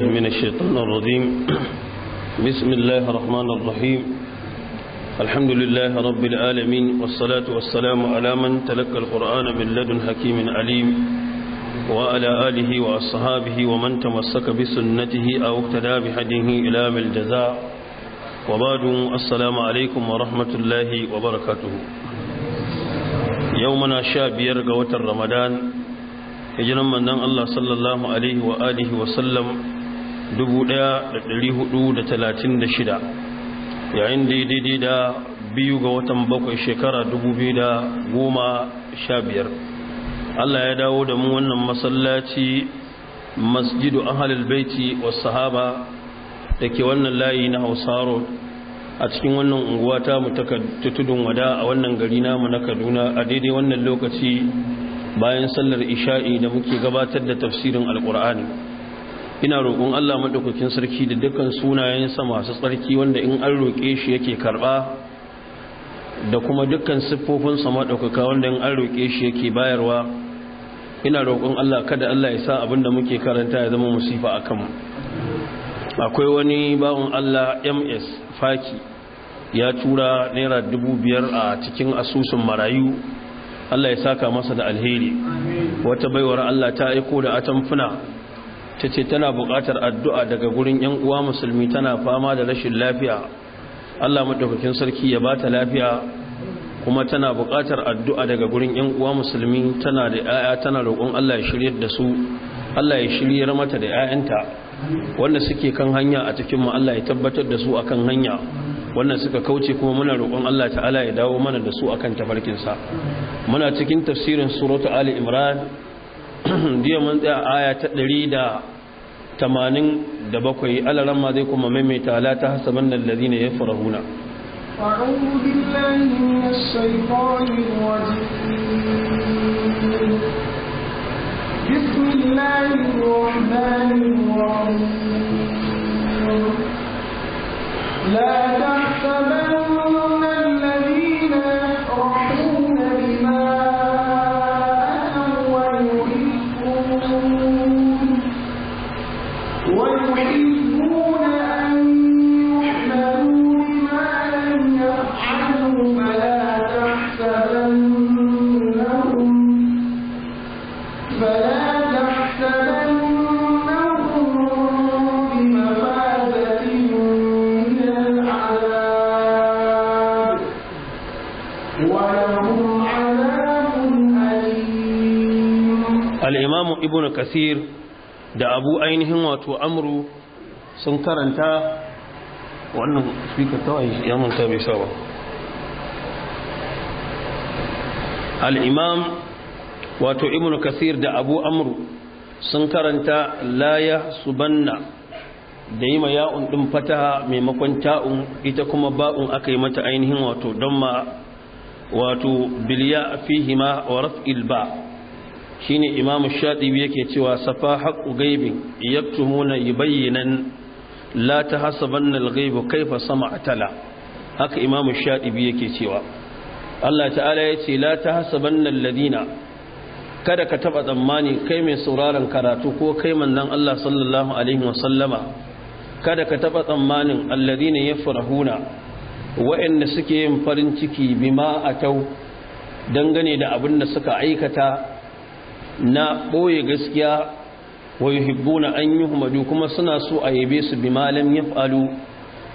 من الشيطان الرجيم بسم الله الرحمن الرحيم الحمد لله رب العالمين والصلاة والسلام على من تلقى القرآن من لدن حكيم عليم وعلى آله وأصحابه ومن تمسك بسنته أو اقتدى بهديه إلى الجزاء وبعد السلام عليكم ورحمة الله وبركاته يومنا شابير قوة رمضان hijiran manzon Allah sallallahu alaihi wa alihi wa sallam 1436 yayin daidai da biyu ga watan bakwai shekara 2015 Allah ya dawo da mu wannan masallaci masjidu ahalul baiti was sahaba da ke wannan layi na hausaro a cikin wannan unguwa ta mu ta tudun wada a wannan gari namu na kaduna a daidai wannan lokaci bayan sallar isha'i da muke gabatar da tafsirin alkur'ani ina roƙon Allah maɗaukakin sarki da dukkan sunayensa masu tsarki wanda in an roƙe shi yake karɓa da kuma dukkan siffofinsa maɗaukaka wanda in an roƙe shi yake bayarwa ina roƙon Allah kada Allah ya sa abin da muke karanta ya zama musifa a kanmu akwai wani bawan Allah ms faki ya tura naira dubu biyar a cikin asusun marayu Allah ya saka masa da alheri wata baiwar Allah ta aiko da atamfuna ta ce tana buƙatar addu'a daga gurin ‘yan uwa musulmi tana fama da rashin lafiya Allah maɗaukakin sarki ya ba ta lafiya kuma tana buƙatar addu'a daga gurin ‘yan uwa musulmi tana da ‘ya'ya tana roƙon Allah ya shirya da su Allah ya shiryar mata da ‘ya'yanta wanda suke kan hanya a cikin mu Allah ya tabbatar da su akan hanya wannan suka kauce kuma muna roƙon Allah ta'ala ya dawo mana da su akan tafarkinsa muna cikin tafsirin suratu ali imran jiya mun tsaya aya ta 187 alaran ma zai kuma maimaita la ta hasaban nan lazina ya farahuna أعوذ بالله من الشيطان الرجيم بسم الله الرحمن الرحيم ibn kasir da abu ainihin wato amru sun karanta wannan speaker ta wani ya manta bai sa ba imam wato ibn kasir da abu amru sun karanta laya subanna da yi ma ya'un ɗin fataha maimakon ta'un ita kuma ba'un aka yi mata ainihin wato don ma wato biliya fihima wa raf'il ba' shine imam shatibi yake cewa safa haqqu gaibi yaktumuna yubayyinan la tahasabanna al-ghaibu kayfa sama'a tala haka imam shatibi yake cewa Allah ta'ala yace la tahasabanna alladhina kada ka taba tsammani kai mai sauraron karatu ko kai mannan Allah sallallahu alaihi wasallama kada ka taba tsammanin alladhina yafrahuna wa'anda suke yin farin ciki bima atau dangane da abin da suka aikata na ɓoye gaskiya wa Hibbuna an yuhmadu kuma suna so a yabe su bi malam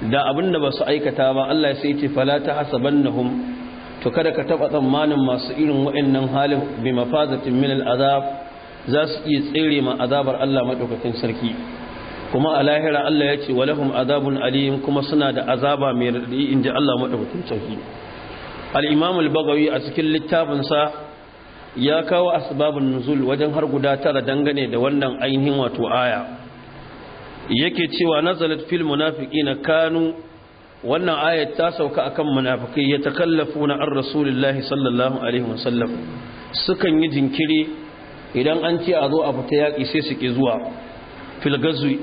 da abinda ba su aikata ba Allah sai ce fala ta hum, to kada ka taba tsammanin masu irin wa'annan halin bi mafazatin min al'azab za su iya tsere ma azabar Allah madaukakin sarki kuma a lahira Allah ya ce walahum azabun alim kuma suna da azaba mai in inji Allah madaukakin sarki al-imam bagawi a cikin littafinsa ya kawo asbabun nuzul wajen har guda tara dangane da wannan ainihin wato aya yake cewa nazalat fil munafiqina kanu wannan aya ta sauka akan munafiki ya takallafuna an rasulillahi sallallahu alaihi wasallam sukan yi jinkiri idan an ce a zo a fita yaki sai su zuwa fil gazwi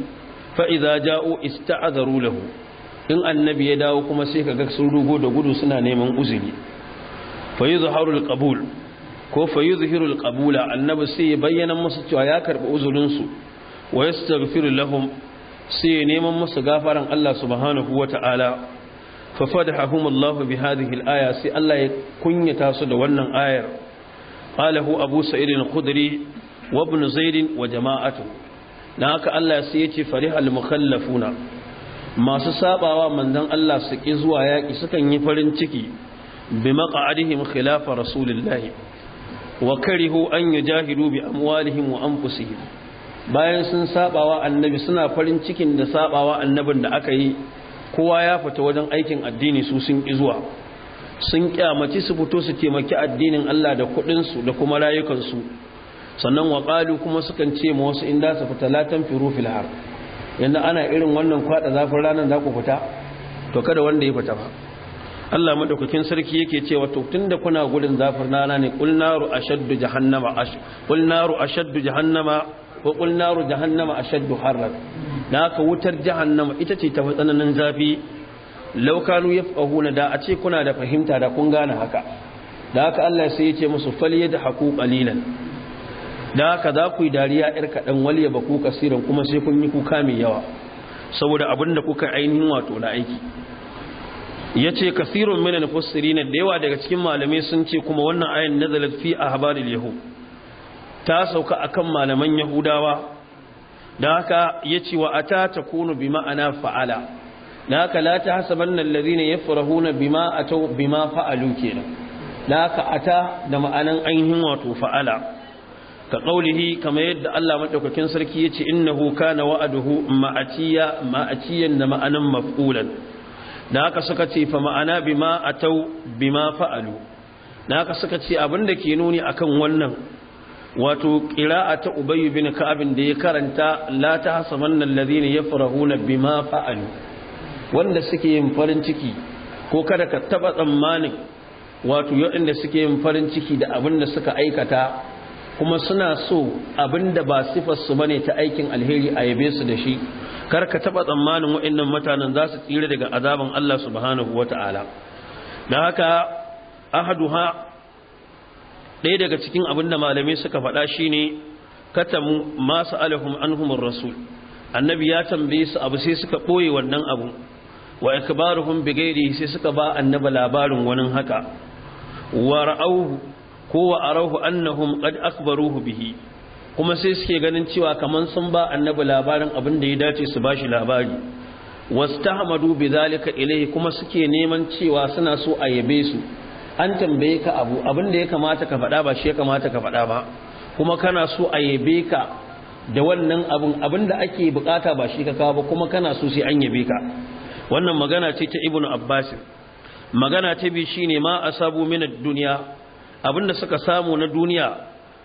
fa idza ja'u ista'adharu lahu in annabi ya dawo kuma sai kaga sun rugo da gudu suna neman uzuri fa yuzharu al qabul ko fa yuzhirul qabula annabi sai ya bayyana musu cewa ya karɓi uzurin su wa yastaghfiru lahum sai ya neman musu gafaran Allah subhanahu ta'ala fa fadahahum Allah bi hadhihi al-aya sai Allah ya kunyata su da wannan ayar qalahu abu sa'id al-khudri wa ibn zaid wa jama'atu dan haka Allah sai ya ce farihal mukhallafuna masu sabawa manzon Allah su ki zuwa yaki sukan yi farin ciki bi maq'adihim khilafa rasulillahi wa karihu an jahiru bi amwalihim wa anfusihim bayan sun sabawa annabi suna farin cikin da sabawa annabin da aka yi kowa ya fita wajen aikin addini su sun izuwa sun kyamaci su fito su taimaki addinin Allah da kudin da kuma rayukansu sannan wa qalu kuma sukan ce ma wasu inda su fita la firu fil yadda ana irin wannan kwada zafin ranan da ku fita to kada wanda ya fita ba Allah madaukakin sarki yake cewa to tunda kuna gudun zafin rana ne kul naru ashaddu jahannama ash kul naru ashaddu jahannama wa kul naru jahannama ashaddu da ka wutar jahannama ita ce ta tsananin zafi law kanu yafqahuna da a ce kuna da fahimta da kun gane haka da haka Allah sai ya ce musu falyadhaku qalilan da haka za ku yi dariya yar kadan waliya baku kasiran kuma sai kun yi kuka mai yawa saboda abinda kuka ainihin wato na aiki ya ce kasirun mina nufassiri na da yawa daga cikin malamai sun ce kuma wannan ayin na zalafi a habarin yahu ta sauka a kan malaman yahudawa da haka ya ce wa a ta kunu bi ma'ana fa'ala da haka la ta hasaban nan ne ya farahuna bima a tau bima fa'alu kenan da haka ata da ma'anan ainihin wato fa'ala ka ƙaulihi kamar yadda Allah maɗaukakin sarki ya ce innahu kana wa'aduhu ma'aciya ma'aciyan da ma'anan maf'ulan Na haka suka ce fa ma'ana bima atau bima fa'alu Na haka suka ce abinda ke nuni akan wannan wato qira'a ta ubay bin ka'ab da ya karanta la tahsabanna alladhina yafrahuna bima fa'alu wanda suke yin farin ciki ko kada ka taba tsammanin wato yadda suke yin farin ciki da abinda suka aikata kuma suna so abinda ba sifarsu bane ta aikin alheri a yabe su da shi kar ka taɓa tsammanin waɗannan mutanen za su tsira daga azaban Allah subhanahu wata'ala dan haka ahaduha ɗaya daga cikin abinda malamai suka faɗa shine katamu masu sa'alahum anhum rasul annabi ya tambaye su abu sai suka ɓoye wannan abu wa ikbaruhum bigairi sai suka ba annaba labarin wani haka wa ra'awhu Kowa wa arahu annahum qad akhbaruhu bihi kuma sai suke ganin cewa kaman sun ba annabi labarin abin da ya dace su bashi labari wastahmadu bidhalika ilayhi kuma suke neman cewa suna so a yabe su an tambaye ka abu abin da ya kamata ka faɗa ba shi ya kamata ka faɗa ba kuma kana so a yabe ka da wannan abin abin da ake bukata ba shi ka kawo ba kuma kana so sai an yabe ka wannan magana ce ta ibnu abbas magana ta bi shine ma asabu min ad-dunya abinda suka samu na duniya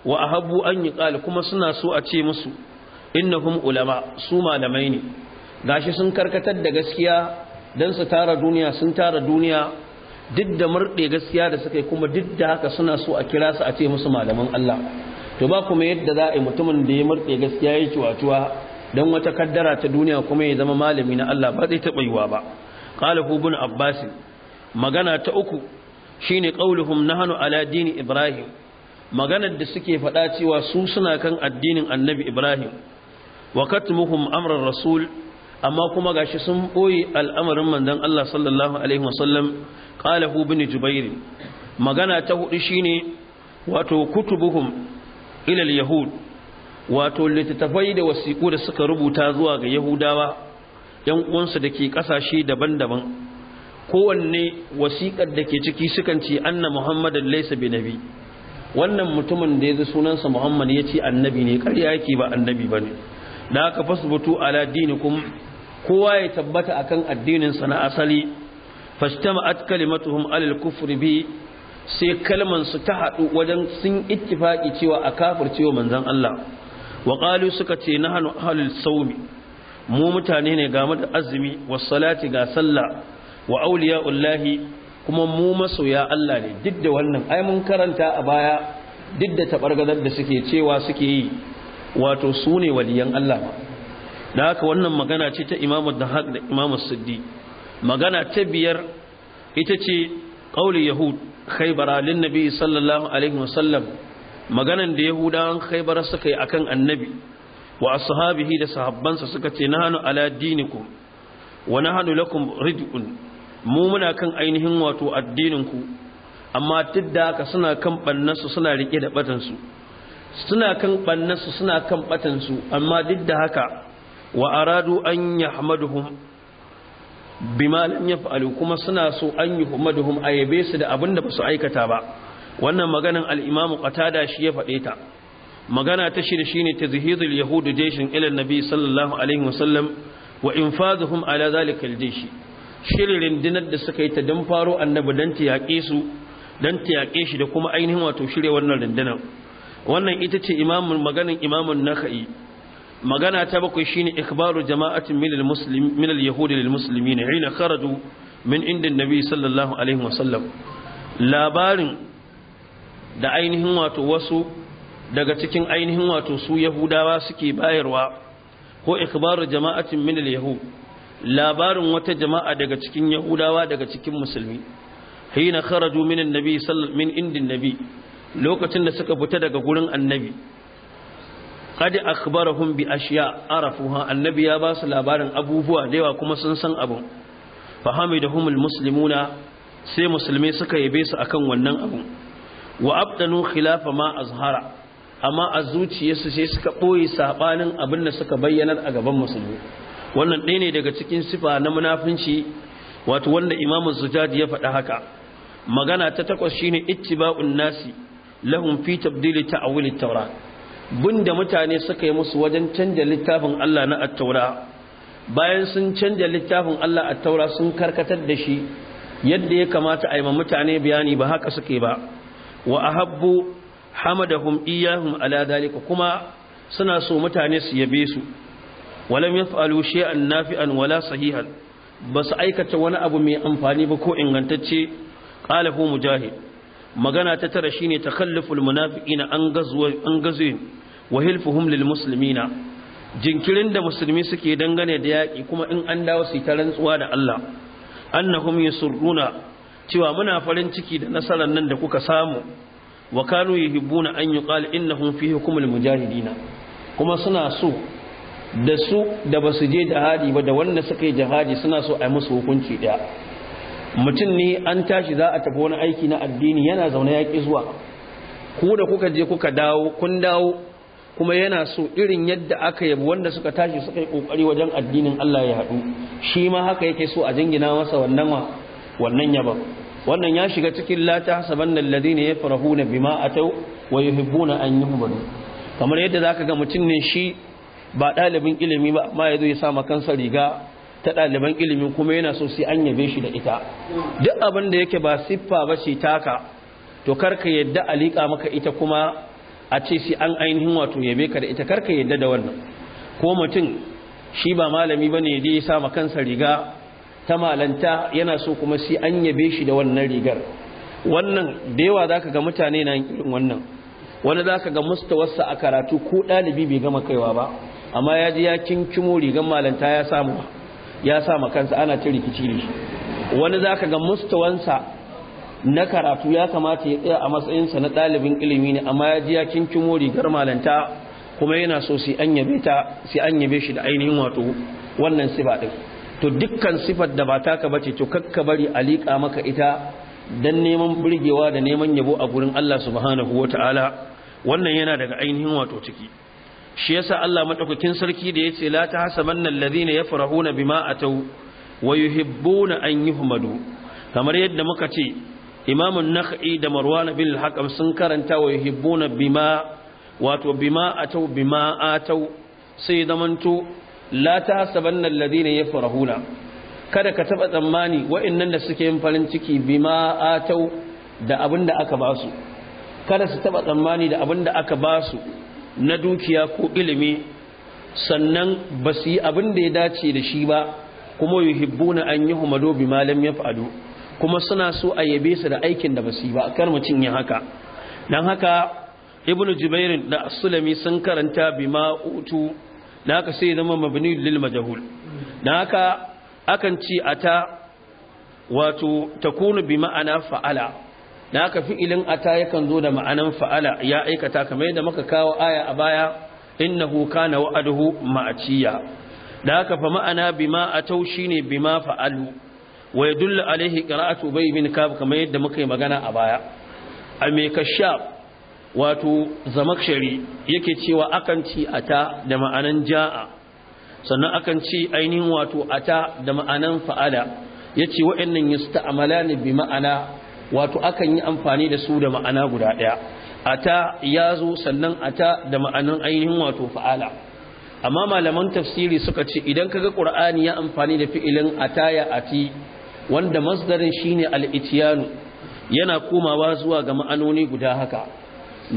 wa ahabu an yi ƙali kuma suna so a ce musu Inna hum ulama su malamai ne gashi sun karkatar da gaskiya dan su tara duniya sun tara duniya duk da murde gaskiya da suka yi kuma duk da haka suna so a kira su a ce musu malaman Allah to ba kuma yadda za a yi mutumin da ya murde gaskiya ya yi cuwacuwa dan wata kaddara ta duniya kuma ya zama malami na Allah ba zai taɓa yiwa ba qala bin abbasin magana ta uku shine qauluhum nahnu ala dini ibrahim maganar da suke faɗa cewa su suna kan addinin annabi ibrahim wa katmuhum amran rasul amma kuma gashi sun boye al'amarin manzon Allah sallallahu alaihi wasallam qala hu bin jubair magana ta hudu shine wato kutubuhum ila yahud wato littattafai da wasiku da suka rubuta zuwa ga yahudawa yan uwansu da ke ƙasashe daban-daban kowanne wasiƙar da ke ciki sukan ce anna muhammadan laisa bi nabi wannan mutumin da ya ji sunansa muhammad ya ce annabi ne ƙarya yake ba annabi ba ne da aka fasbutu ala kuma. kowa ya tabbata akan addininsa na asali fastama'at kalimatuhum alal kufri bi sai kalman su ta haɗu wajen sun ittifaki cewa a kafircewa manzon Allah wa qalu suka ce nahnu ahlul sawmi mu mutane ne game da azumi was salati ga sallah wa auliya ullahi kuma mu masoya Allah ne duk da wannan ai mun karanta a baya duk da tabargadar da suke cewa suke yi wato su ne waliyan Allah ba da haka wannan magana ce ta imamu dahaq da imamu siddi magana ta biyar ita ce qauli yahud khaybara lin nabi sallallahu alaihi wasallam maganan da yahudawan khaybara suka yi akan annabi wa ashabihi da sahabbansa suka ce nahanu ala dinikum wa nahanu lakum rid'un mu muna kan ainihin wato addininku, amma duk da haka suna kan bannansu suna rike da batansu suna kan bannansu suna kan batansu amma duk da haka wa aradu an yahmaduhum bima lam yaf'alu kuma suna so an yahmaduhum ayabe su da abinda ba su aikata ba wannan maganan al-imam qatada shi ya faɗe ta magana ta shirye shine tazhidul yahud jayshin ila nabi sallallahu alaihi wasallam wa infazuhum ala zalika al-jaysh shirin rindinar da suka yi ta don faro annabi don ta yaƙe su don ta yaƙe shi da kuma ainihin wato shirya wannan rindinar wannan ita ce imamun maganin imamun naka'i magana ta bakwai shine ikbaru jama'atin min al-muslim min al-yahudi lil muslimin hina kharaju min inda nabi sallallahu alaihi wasallam labarin da ainihin wato wasu daga cikin ainihin wato su yahudawa suke bayarwa ko ikbaru jama'atin min al-yahudi labarin wata jama'a daga cikin yahudawa daga cikin musulmi hina kharaju min annabi min indin nabi lokacin da suka fita daga gurin annabi qad akhbarahum bi ashiya arafuha annabi ya ba su labarin abubuwa da yawa kuma sun san abun fahamidahumul almuslimuna sai musulmi suka yabe su akan wannan abu. wa abdanu khilafa ma azhara amma a zuciyarsu sai suka ɓoye saɓanin abin da suka bayyana a gaban musulmi wannan ɗaya ne daga cikin sifa na munafunci wato wanda imamu zujad ya faɗa haka magana ta takwas shine ittiba'un nasi lahum fi tabdili ta at-taura bunda mutane suka yi musu wajen canja littafin Allah na at-taura bayan sun canja littafin Allah at-taura sun karkatar da shi yadda ya kamata a yi mutane bayani ba haka suke ba wa ahabbu hamadahum iyahum ala dalika kuma suna so mutane su yabe su walam an nafi nafi'an wala sahihan basu aikata wani abu mai amfani ba ko ingantacce qala mu magana ta tara shine ne munafiqina an gazwa an wa hilfuhum lil jinkirin da musulmi suke dangane da yaki kuma in an dawo su ta rantsuwa da Allah annahum yusurruna cewa muna farin ciki da nasarar nan da kuka samu wa kanu yuhibbuna an yuqal innahum fi hukmil mujahidina kuma suna so da su da ba su je jihadi ba da wanda suka yi jihadi suna so a yi musu hukunci ɗaya mutum ne an tashi za a tafi wani aiki na addini yana zaune ya ƙi zuwa ku da kuka je kuka dawo kun dawo kuma yana so irin yadda aka yabu wanda suka tashi suka yi ƙoƙari wajen addinin Allah ya haɗu shi ma haka yake so a jingina masa wannan wannan yaba wannan ya shiga cikin lata la ne ya farahu na bima a wa yuhibbuna an yuhmadu kamar yadda zaka ga mutum ne shi ba ɗalibin ilimi ba amma ya zo ya sama kansa riga ta ɗaliban ilimi kuma yana so sai an yabe shi da ita duk abin da yake ba siffa ba ce taka to karka yadda a liƙa maka ita kuma a ce sai an ainihin wato yabe ka da ita karka yadda da wannan ko mutum shi ba malami ba ne ya sama kansa riga ta malanta yana so kuma sai an yabe shi da wannan rigar wannan da yawa za ka ga mutane na irin wannan wani za ka ga mustawarsa a karatu ko ɗalibi bai gama kaiwa ba amma ya ji ya kinkimo rigan malanta ya samu ya kansa ana ta rikici ne wani zaka ga mustawansa na karatu ya kamata ya tsaya a matsayinsa na ɗalibin ilimi ne amma ya ji ya kinkimo rigar malanta kuma yana so sai an yabe ta sai an yabe shi da ainihin wato wannan sifa din to dukkan sifar da ba taka bace to kakka bari a liƙa maka ita dan neman burgewa da neman yabo a gurin Allah subhanahu wataala wannan yana daga ainihin wato ciki shi yasa Allah madaukakin sarki da yace la ta tahsabanna alladhina yafrahuna bima ataw wa yuhibbuna an yuhmadu kamar yadda muka ce Imam an-Nakh'i da Marwan bin al-Hakam sun karanta wa yuhibbuna bima wato bima ataw bima ataw sai zamanto la ta tahsabanna alladhina yafrahuna kada ka taba tsammani wa'annan da suke yin farin ciki bima ataw da abinda aka ba su kada su taba tsammani da abinda aka ba su na dukiya ko ilimi sannan ba su yi abin da ya dace da shi ba kuma na an yi humado bi malam ya fa'adu kuma suna so a yabe su da aikin da ba su yi ba kar mutum ya haka don haka ibn Jibairu da sulami sun karanta bi ma'utu da haka sai zama mabini lil majahul don haka akan ci a ta wato takunu bi ma'ana fa'ala na haka fi'ilin ata yakan zo da ma'anan fa'ala ya aikata kamar yadda muka kawo aya a baya innahu kana wa'aduhu ma'aciya da haka fa ma'ana bima atau shine bima fa'alu wa yadullu alaihi qira'atu bai min kab kamar yadda muka yi magana a baya a me kashaf wato zamakshari yake cewa akan ci ata da ma'anan ja'a sannan akan ci ainihin wato ata da ma'anan fa'ala yace wa'annan yusta'malani bi ma'ana wato akan yi amfani da su da ma'ana guda ɗaya ata ya zo sannan ata da ma'anan ainihin wato fa'ala amma malaman tafsiri suka ce idan kaga qur'ani ya amfani da fi'ilin ata ya ati wanda masdarin shine al-ityanu yana komawa zuwa ga ma'anoni guda haka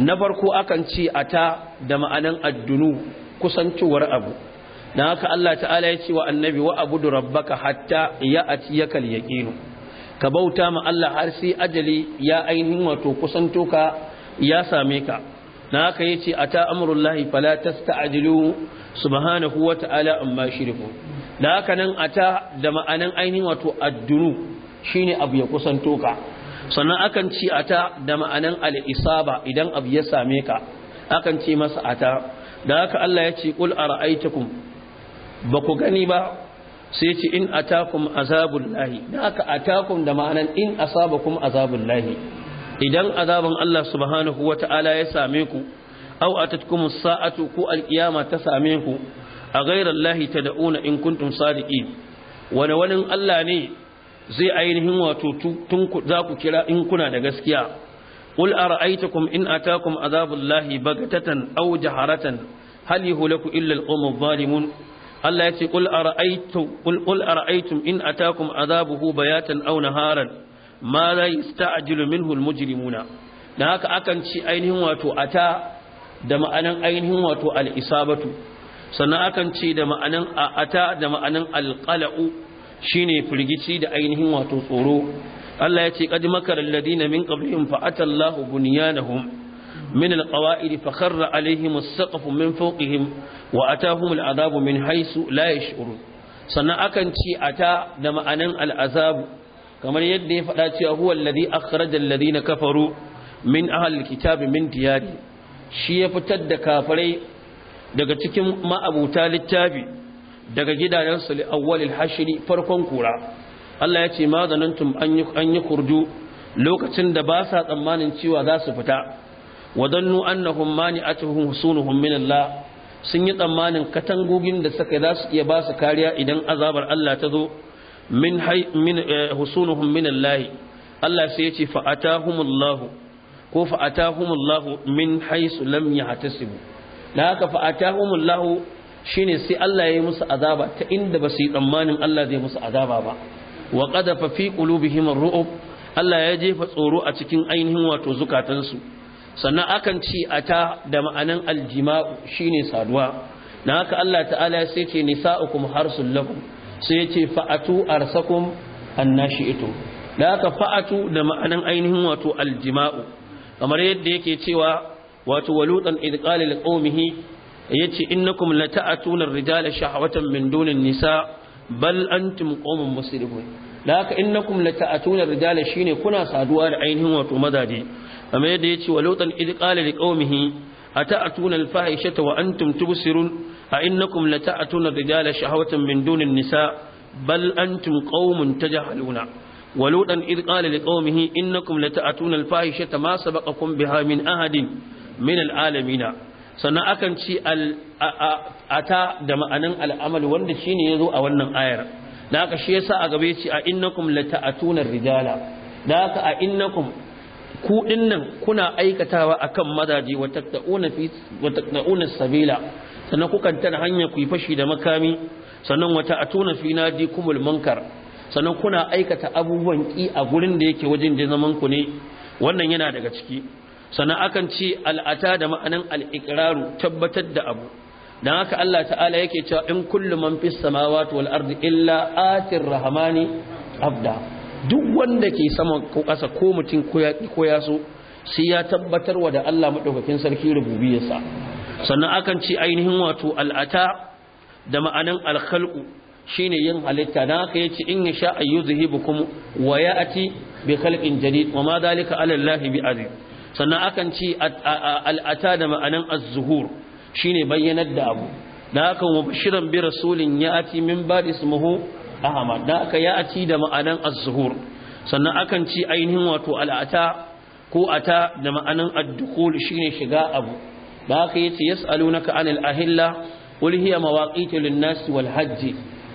na farko akan ce ata da ma'anan addunu kusancewar abu dan haka Allah ta'ala ya ce wa annabi wa abudu rabbaka hatta ya ati atiyakal yaqinu ka bauta ma Allah har sai ajali ya ainihin wato kusanto ka ya same ka na haka yace ta amrullahi fala tasta'jilu subhanahu wa ta'ala amma shirku da haka nan a ta da ma'anan ainihin wato addunu shine abu ya kusanto ka sannan akan ci a ta da ma'anan al-isaba idan abu ya same ka akan ci masa a ta. da haka Allah ya ce qul ara'aitakum ba ku gani ba sai ce in atakum azabun lahi da aka atakum da ma'anan in asabakum azabun lahi idan azaban Allah subhanahu wa ta'ala ya same ku aw atatkum sa'atu ku alkiyama ta same ku a ghayra lahi tad'una in kuntum sadiqin wani wani Allah ne zai ainihin wato tun za ku kira in kuna da gaskiya qul ara'aytakum in atakum azabun lahi bagatatan aw jaharatan hal yuhlaku illa al-qawmu adh-dhalimun Allah ya ce qul ara'aytum qul qul ara'aytum in atakum azabuhu bayatan aw naharan ma la yasta'jilu minhu almujrimuna Da haka akan ci ainihin wato ata da ma'anin ainihin wato al batu, sannan akan ce da ma'anan ata da ma'anan alqala'u shine firgici da ainihin wato tsoro Allah ya ce qad makara alladina min qablihim fa atallahu bunyanahum من القواعد فخر عليهم السقف من فوقهم وأتاهم العذاب من حيث لا يشعرون sannan akan ce ata da ma'anan al'azabu kamar yadda ya faɗa cewa huwa alladhi akhraja alladhina kafaru min ahli alkitabi min diyari shi ya fitar da kafirai daga cikin ma'abuta littafi daga gidajensu li awwalil hashri farkon kura Allah ya ce ma zanantum an yi kurdu lokacin da ba sa tsammanin cewa za su fita wadannu annahum mani'atuhum husunuhum min Allah sun yi tsammanin katangogin da suka za su iya ba su kariya idan azabar Allah ta zo min hay eh, min Allah Allah sai ya ce fa ko fa min haythu lam yahtasibu dan haka fa shine sai Allah ya yi musu azaba ta inda ba su yi tsammanin Allah zai musu azaba ba wa qadafa fi qulubihim ar-ru'ub Allah ya jefa tsoro a cikin ainihin wato zukatansu sannan akan ci ata da ma'anan aljima'u shine saduwa na haka Allah ta'ala sai ce nisa'ukum harsul lakum sai yace fa'atu arsakum annashi'tu da haka fa'atu da ma'anin ainihin wato aljima'u kamar yadda yake cewa wato walutan id qala liqaumihi yace innakum lata'atuna ar-rijala shahwatan min dunin nisa bal antum qaumun musrifun da haka innakum lata'atuna ar-rijala shine kuna saduwa da ainihin wato mazaje amma yadda yace wa lutan id qala liqaumihi ata'tuna al-fahishata wa antum tubsirun a innakum lata'tuna rijala shahawatan min dunin nisa bal antum qaumun tajhaluna wa lutan id qala liqaumihi innakum lata'tuna al-fahishata ma sabaqakum biha min ahadin min al-alamin sannan akan ci ata da ma'anin al'amal wanda shine zo a wannan ayar da haka shi yasa a gabe ce a innakum lata'atuna rijala da haka a innakum ku nan kuna aikatawa akan mazaje wa taqtauna fi wa taqtauna sabila sannan kukan tana hanya ku yi fashi da makami sannan wata atuna fi kumul munkar sannan kuna aikata abubuwan ki a gurin da yake wajen da zaman ku ne wannan yana daga ciki sannan akan ce al'ata da ma'anan al'iqraru tabbatar da abu dan haka Allah ta'ala yake cewa in kullu man fis samawati wal ardi illa atir rahmani abda duk wanda ke sama ko ƙasa ko mutum ko ya so sai ya tabbatar wa da Allah maɗaukakin sarki rububiyarsa sannan akan ce ainihin wato al'ata da ma'anan alkhalqu shine yin halitta na haka yace in ya yasha kuma wa ya'ti bi khalqin jadid wa ma dalika ala Allah bi azim sannan akan ce al'ata da ma'anan az-zuhur shine bayyanar da abu da haka mubashiran bi rasulin ya'ti min ba'di ismuhu ahmad da aka ya ati da ma'anan az-zuhur sannan akan ci ainihin wato al'ata ko ata da ma'anan ad-dukhul shine shiga abu da aka yace yas'alunaka anil ahilla qul hiya mawaqitu lin-nas wal hajj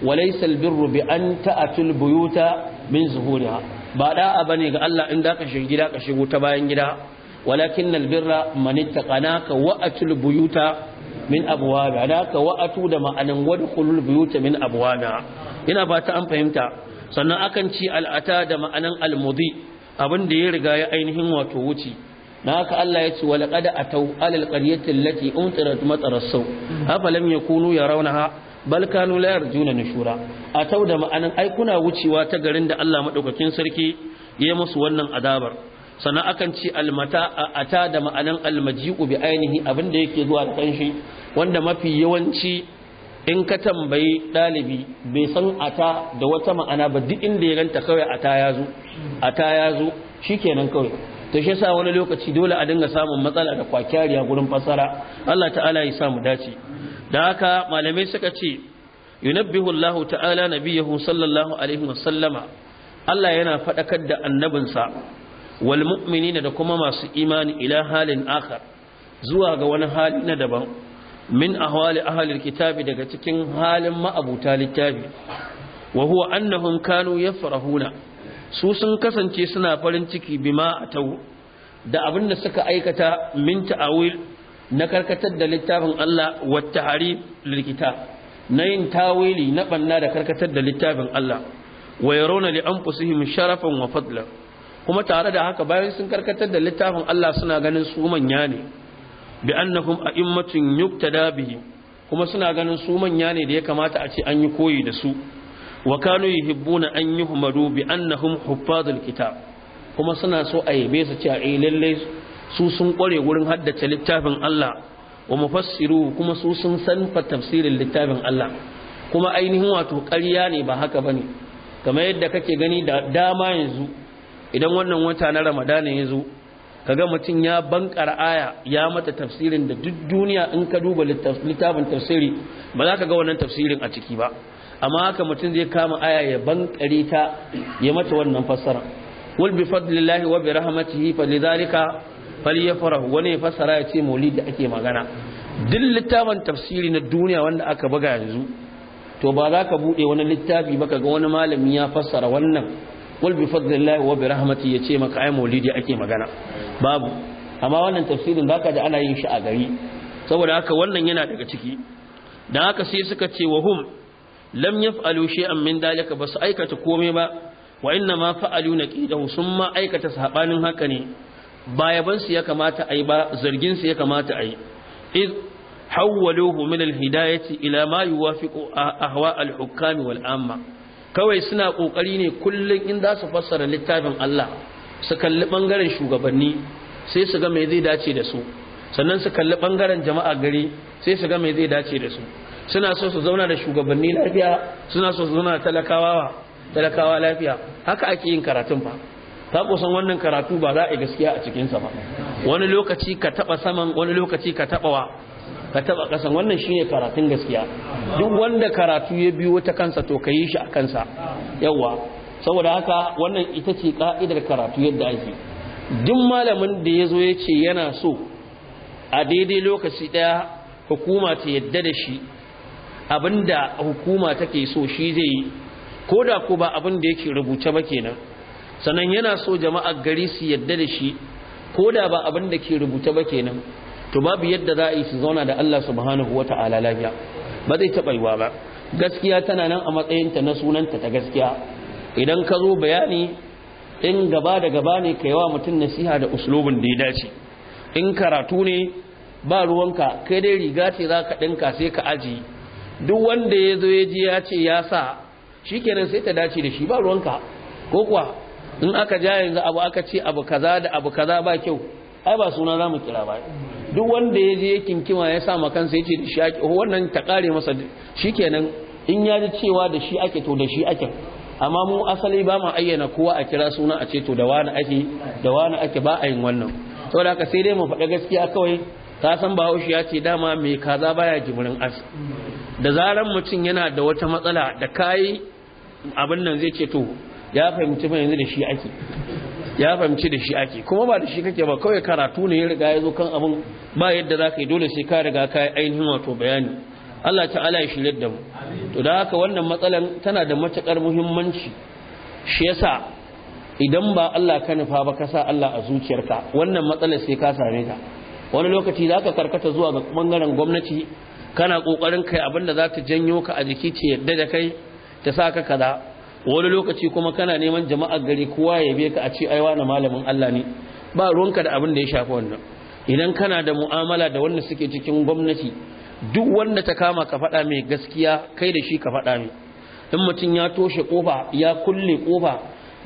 wa laysa al-birru bi an ta'tul buyuta min zuhuriha ba da'a bane ga Allah in da ka shiga gida ka shigo ta bayan gida ولكن البر من اتقناك وأتوا البيوت من أبوابها ذاك وأتوا دم أن ودخلوا البيوت من أبوابها ina ba ta an fahimta sannan akan ci al'ata da ma'anan almudi abin da ya riga ya ainihin wato wuce na haka Allah ya ce wa laqad atau alal qaryati allati umtirat mataras saw afa lam yakunu yarawnaha bal kanu la yarjuna nushura atau da ma'anan ai kuna wucewa ta garin da Allah madaukakin sarki yayi musu wannan adabar sannan akan ci almata ata da ma'anan almaji'u bi ainihi abinda yake zuwa kanshi wanda mafi yawanci in ka tambayi ɗalibi bai san ata da wata ma'ana ba duk inda ya ranta kawai ata ya zo ata ya zo shi kenan kawai to shi yasa wani lokaci dole a dinga samun matsala da kwakyariya gurin fasara Allah ta'ala ya samu dace da haka malamai suka ce yunabbihu Allah ta'ala nabiyahu sallallahu alaihi wa sallama Allah yana fadakar da annabinsa wal mu'minina da kuma masu imani ila halin akhar zuwa ga wani hali na daban min awali ahlil kitabi daga cikin halin ma'abuta littafi wa huwa annahum kanu yafrahuna su sun kasance suna farin ciki bima atau da abin da suka aikata min ta'awil na karkatar da littafin Allah wa tahrif lil kitab na yin tawili na banna da karkatar da littafin Allah wa yarawna li anfusihim sharafan wa fadlan kuma tare da haka bayan sun karkatar da littafin Allah suna ganin su manya ne bi annahum a'immatun yuktada bihi kuma suna ganin su manya ne da ya kamata a ce an yi koyi da su wa kanu yuhibbuna an yuhmadu bi annahum huffazul kitab kuma suna so a yabe su cewa eh lalle su sun kware wurin haddace littafin Allah wa mufassiru kuma su sun san fa tafsirin littafin Allah kuma ainihin wato ƙarya ne ba haka bane kamar yadda kake gani da dama yanzu idan wannan wata na Ramadana ya zo kaga mutum ya bankara aya ya mata tafsirin da duk duniya in ka duba littafin tafsiri ba za ka ga wannan tafsirin a ciki ba amma haka mutum zai kama aya ya bankare ta ya mata wannan fassara wal bi fadlillahi wa bi rahmatihi falidhalika falyafrahu wani fassara ya ce maulid da ake magana duk littafin tafsiri na duniya wanda aka buga yanzu to ba za ka bude wani littafi ba ka ga wani malami ya fassara wannan walbi bi fadlillahi wa bi rahmati yace maka ai maulidi ake magana babu amma wannan tafsirin zaka da ana yin shi a gari saboda haka wannan yana daga ciki dan haka sai suka ce wa hum lam yaf'alu shay'an min dalika basu aikata komai ba wa inna ma fa'alu naqidahu summa aikata sabanin haka ne ba yaban su ya kamata ai ba zargin su ya kamata ai iz hawwaluhu min al-hidayati ila ma yuwafiqu ahwa al-hukami wal amma kawai suna kokari ne kullum in za su fassara littafin Allah su kalli bangaren shugabanni sai su ga me zai dace da su sannan su kalli bangaren jama'a gari sai su ga me zai dace da su suna so su zauna da shugabanni lafiya suna so su zauna da talakawa talakawa lafiya haka ake yin karatun fa ta kusan wannan karatu ba za a yi gaskiya a cikinsa ba wani lokaci ka taba saman wani lokaci ka taba wa ka taba kasan wannan shine karatun gaskiya duk wanda karatu ya biyo ta kansa to ka yi shi a kansa yawa saboda haka wannan ita ce ka'idar karatu yadda ake duk malamin da ya zo ya ce yana so a daidai lokaci daya hukuma ta yadda da shi abinda hukuma take so shi zai yi ko da ko ba abin da yake rubuce ba kenan sannan yana so jama'ar gari su yadda da shi ko da ba abin da ke rubuta ba kenan to babu yadda za a yi su zauna da Allah subhanahu wa ta'ala lafiya ba zai taɓa yiwa ba gaskiya tana nan a matsayinta na sunanta ta gaskiya idan ka zo bayani in gaba da gaba ne ka yawa mutum nasiha da uslubin da ya dace in karatu ne ba ruwanka kai dai riga ce za ka ɗinka sai ka aji duk wanda ya zo ya ji ya ce ya sa shi kenan sai ta dace da shi ba ruwanka ko kuwa in aka ja yanzu abu aka ce abu kaza da abu kaza ba kyau ai ba suna za mu kira ba duk wanda ya je kinkima ya sa makansa ya ce da shi ake oh, wannan ta kare masa shi kenan in ya ji cewa da shi ake to da shi ake amma mu asali ba ma ayyana kowa a kira suna a ce to da wani ake da wani ake ba a yin wannan saboda haka sai dai mu faɗa gaskiya kawai ka san bahaushe ya ce dama mai kaza baya jimirin as da zaran mutum yana da wata matsala da kayi abin nan zai ce to ya fahimci mai yanzu da shi ake ya fahimci da shi ake kuma ba da shi kake ba kawai karatu ne ya riga ya zo kan abin ba yadda za ka yi dole sai ka riga ka yi ainihin wato bayani Allah ta'ala ya shirya da mu to da haka wannan matsalan tana da matakar muhimmanci shi yasa idan ba Allah ka nufa ba ka sa Allah a zuciyarka wannan matsalar sai ka same ta wani lokaci za ka karkata zuwa ga bangaren gwamnati kana kokarin kai abin da za ta janyo ka a jiki ce yadda da kai ta sa ka kaza wani lokaci kuma kana neman jama'a gari kowa ya biya ka a ce aiwa na malamin Allah ne ba ruwanka da abin da ya shafi wannan idan kana da mu'amala da wanda suke cikin gwamnati duk wanda ta kama ka faɗa mai gaskiya kai da shi ka faɗa mai in mutum ya toshe kofa ya kulle kofa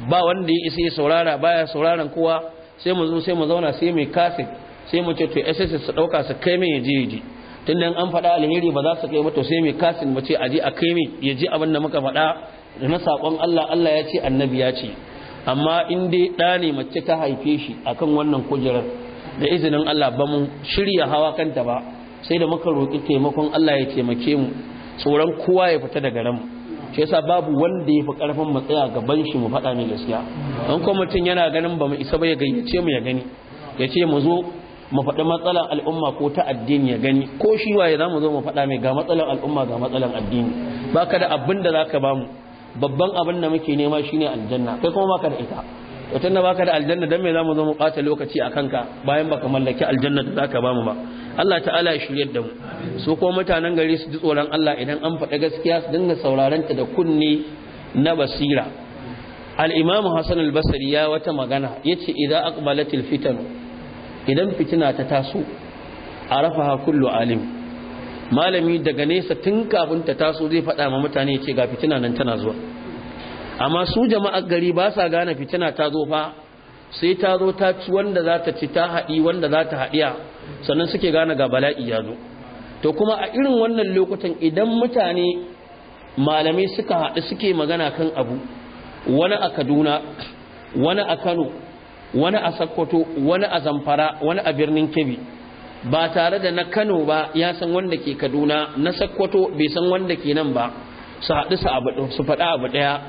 ba wanda ya isa ya saurara baya sauraron kowa sai mu zo sai mu zauna sai mai kase sai mu ce to SSS su dauka su kai mai yaje yaje tunda an faɗa alheri ba za su kai ba to sai mai kase mu ce aje a kai mai ji abin da muka faɗa na saƙon Allah Allah ya ce annabi ya ce amma in dai ɗa ne mace ta haife shi akan wannan kujerar da izinin Allah ba mu shirya hawa kanta ba sai da muka roƙi taimakon Allah ya taimake mu tsoron kowa ya fita daga ranmu shi yasa babu wanda ya fi mu matsaya gaban shi mu faɗa mai gaskiya an kuma mutum yana ganin ba mu isa ba ya gayyace mu ya gani ya ce mu zo mu faɗi matsalar al'umma ko ta addini ya gani ko shi waye za mu zo mu faɗa mai ga matsalar al'umma ga matsalar addini ba ka da abin da za ka ba mu babban abin da muke nema shine aljanna kai kuma baka da ita wata na baka da aljanna dan me zamu zo mu bata lokaci akan ka bayan baka mallaki aljanna da zaka bamu ba Allah ta'ala ya shiryar da mu su kuma mutanen gari su ji tsoron Allah idan an faɗa gaskiya su dinga sauraron ta da kunne na basira al-imam Hassan al-Basri ya wata magana yace idza aqbalatil fitan idan fitina ta taso arafaha kullu alim malami daga nesa tun kafin ta taso zai faɗa ma mutane ce ga fitina nan tana zuwa amma su jama'ar gari ba sa gane fitina ta zo fa sai ta zo ta ci wanda za ta ci ta haɗi wanda za ta haɗiya sannan suke gane ga bala'i ya zo to kuma a irin wannan lokutan idan mutane malamai suka haɗu suke magana kan abu wani a kaduna wani a kano wani a sakkwato wani a zamfara wani a birnin kebbi ba tare da na Kano ba ya san wanda ke Kaduna na Sokoto bai san wanda ke nan ba su haɗu su faɗa abu ɗaya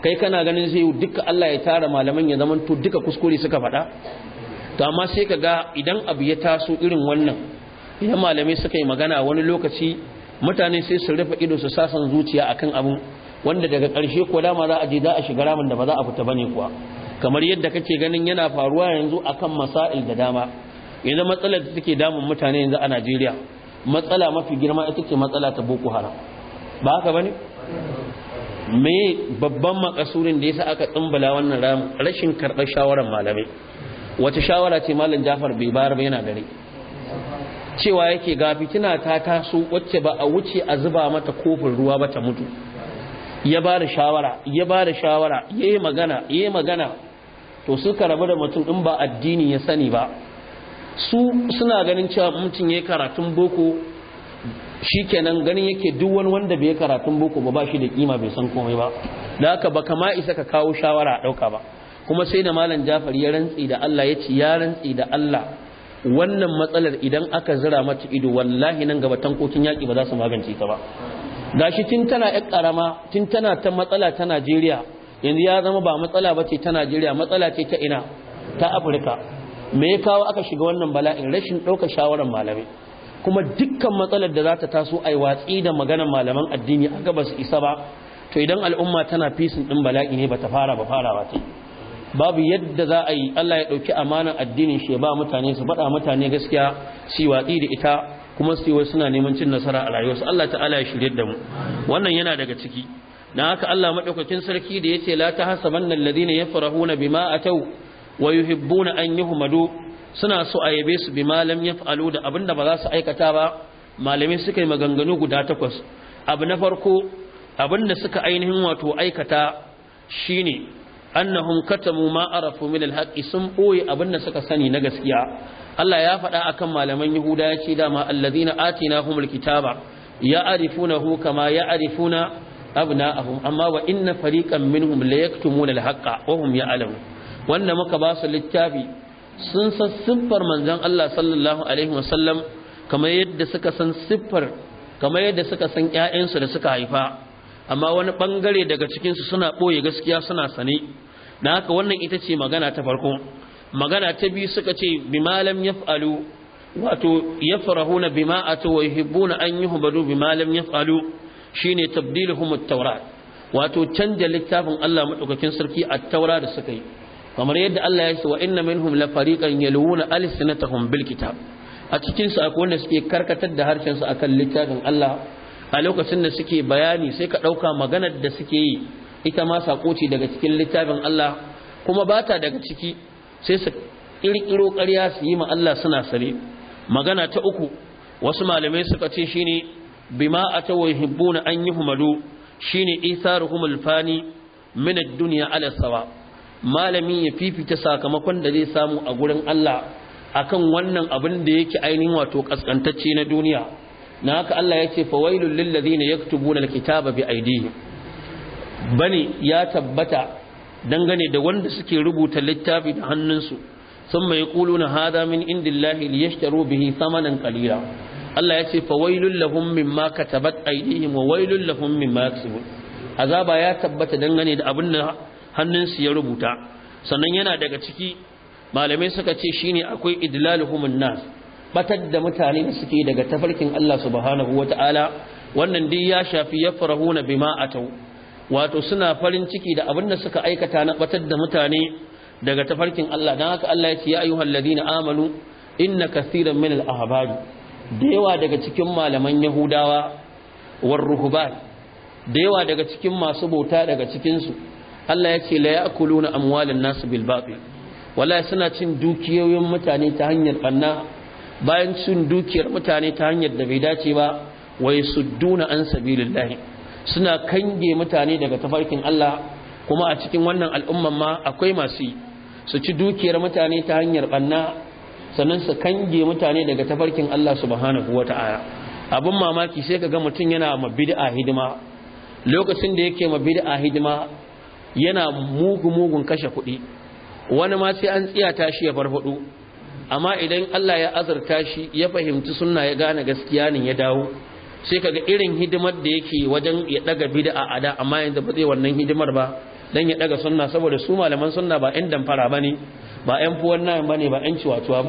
kai kana ganin zai duka Allah ya tara malaman ya zaman to duka kuskure suka faɗa to amma sai ka ga idan abu ya taso irin wannan idan malamai suka yi magana wani lokaci mutane sai su rufe ido su sasan zuciya akan abun wanda daga ƙarshe ko dama za a je za a shiga ramin da ba za a fita bane kuwa kamar yadda kake ganin yana faruwa yanzu akan masail da dama yanzu matsalar da take damun mutane yanzu a Najeriya matsala mafi girma ita ce matsala ta Boko Haram ba haka ne? me babban makasurin da yasa aka tsumbala wannan ramu rashin karɓar shawaran malamai wata shawara ce malam Jafar bai bayar ba yana dare cewa yake ga fitina ta taso wacce ba a wuce a zuba mata kofin ruwa ba ta mutu ya ba da shawara ya ba da shawara ya yi magana ya yi magana to suka rabu da mutum in ba addini ya sani ba su suna ganin cewa mutum ya yi karatun boko shi kenan ganin yake duk wani wanda bai karatun boko ba ba shi da kima bai san komai ba da haka ba kama isa ka kawo shawara a ɗauka ba kuma sai da malam jafar ya rantsi da allah ya ci ya rantsi da allah wannan matsalar idan aka zira mata ido wallahi nan gaba tankokin yaƙi ba za su magance ta ba gashi tun tana ƴan ƙarama tun tana ta matsala ta najeriya yanzu ya zama ba matsala ba ce ta najeriya matsala ce ta ina ta afirka me ya kawo aka shiga wannan bala'in rashin ɗaukar shawarar malamai kuma dukkan matsalar da za ta taso a yi watsi da maganar malaman addini a gabas su isa ba to idan al'umma tana fisin ɗin bala'i ne ba ta fara ba fara ba ta babu yadda za a yi Allah ya ɗauki amanar addinin shi ba mutane su faɗa mutane gaskiya su watsi da ita kuma su yi suna neman cin nasara a su Allah ta'ala ya shirya da mu wannan yana daga ciki Na haka Allah maɗaukakin sarki da ya ce la ladina ya na, bima a ta'u. wa yuhibbuna an yuhmadu suna so a yabe su bi malam yaf'alu da da ba za su aikata ba malamai suka yi maganganu guda takwas abu na farko da suka ainihin wato aikata shine annahum katamu ma arafu min alhaqi sun boye abinda suka sani na gaskiya Allah ya faɗa akan malaman Yahuda ya ce dama allazina atinahumul kitaba ya'rifunahu kama ya'rifuna abna'ahum amma wa inna fariqan minhum la yaktumuna alhaqa wa hum ya'lamun wanda muka ba su littafi sun san siffar manzon Allah sallallahu alaihi wasallam kamar yadda suka san siffar kamar yadda suka san ƴaƴansu da suka haifa amma wani bangare daga cikin su suna ɓoye gaskiya suna sane dan haka wannan ita ce magana ta farko magana ta biyu suka ce bimalam yaf'alu wato yafrahuna bima atu wa yuhibbuna an yuhbadu bimalam yaf'alu shine tabdiluhum at-taurat wato canja littafin Allah madaukakin sarki at-taura da suka yi kamar yadda Allah ya ce wa inna minhum la fariqan yaluna alsinatahum bil kitab a cikin su akwai wanda suke karkatar da harshen su akan littafin Allah a lokacin da suke bayani sai ka dauka maganar da suke yi ita ma sako ce daga cikin littafin Allah kuma ba ta daga ciki sai su kirkiro ƙarya su yi ma Allah suna sare magana ta uku wasu malamai suka ce shine bima atawa yuhibbuna an yuhmadu shine isaruhumul fani min ad-dunya ala sawab malami ya fifita sakamakon da zai samu a gurin Allah akan wannan abin da yake ainihin wato kaskantacce na duniya na haka Allah ya ce fawailul lil ladina yaktubuna alkitaba bi aidihi Bani ya tabbata dangane da wanda suke rubuta littafi da hannunsu sun mai kuluna hada min indillahi liyashtaru bihi thamanan qalila Allah ya ce fawailul lahum mimma katabat aidihim wa wailul lahum mimma yaksubun azaba ya tabbata dangane da abin da hannunsu ya rubuta sannan yana daga ciki malamai suka ce shine akwai idlaluhumun nas batar da mutane da suke daga tafarkin Allah subhanahu wata'ala wannan dai ya shafi yafrahuna bima atau wato suna farin ciki da abin da suka aikata na batar da mutane daga tafarkin Allah dan haka Allah ya ce ya ayyuhal ladina amanu inna kaseeran min al ahbab da yawa daga cikin malaman yahudawa war ruhban da yawa daga cikin masu bauta daga cikinsu. Allah ya ce la ya ya'kuluna na amwalin nasu batil Wala suna cin dukiyoyin mutane ta hanyar banna bayan cin dukiyar mutane ta hanyar da bai dace ba wa yasudduna an sabilillahi suna kange mutane daga tafarkin Allah kuma a cikin wannan al'umman ma akwai masu su ci dukiyar mutane ta hanyar banna sannan su kange mutane daga tafarkin Allah subhanahu wata'ala abin mamaki sai ka ga mutum yana mabida bid'a hidima lokacin da yake mabida bid'a hidima yana mugu-mugun kashe kuɗi wani ma sai an tsiyata shi ya farfaɗo amma idan Allah ya azurta shi ya fahimci sunna ya gane gaskiya ne ya dawo sai kaga irin hidimar da yake wajen ya daga bid'a a da amma yanzu ba zai wannan hidimar ba dan ya daga sunna saboda su malaman sunna ba ɗan damfara bane ba ɗan fuwan nan bane ba ɗan ciwatuwa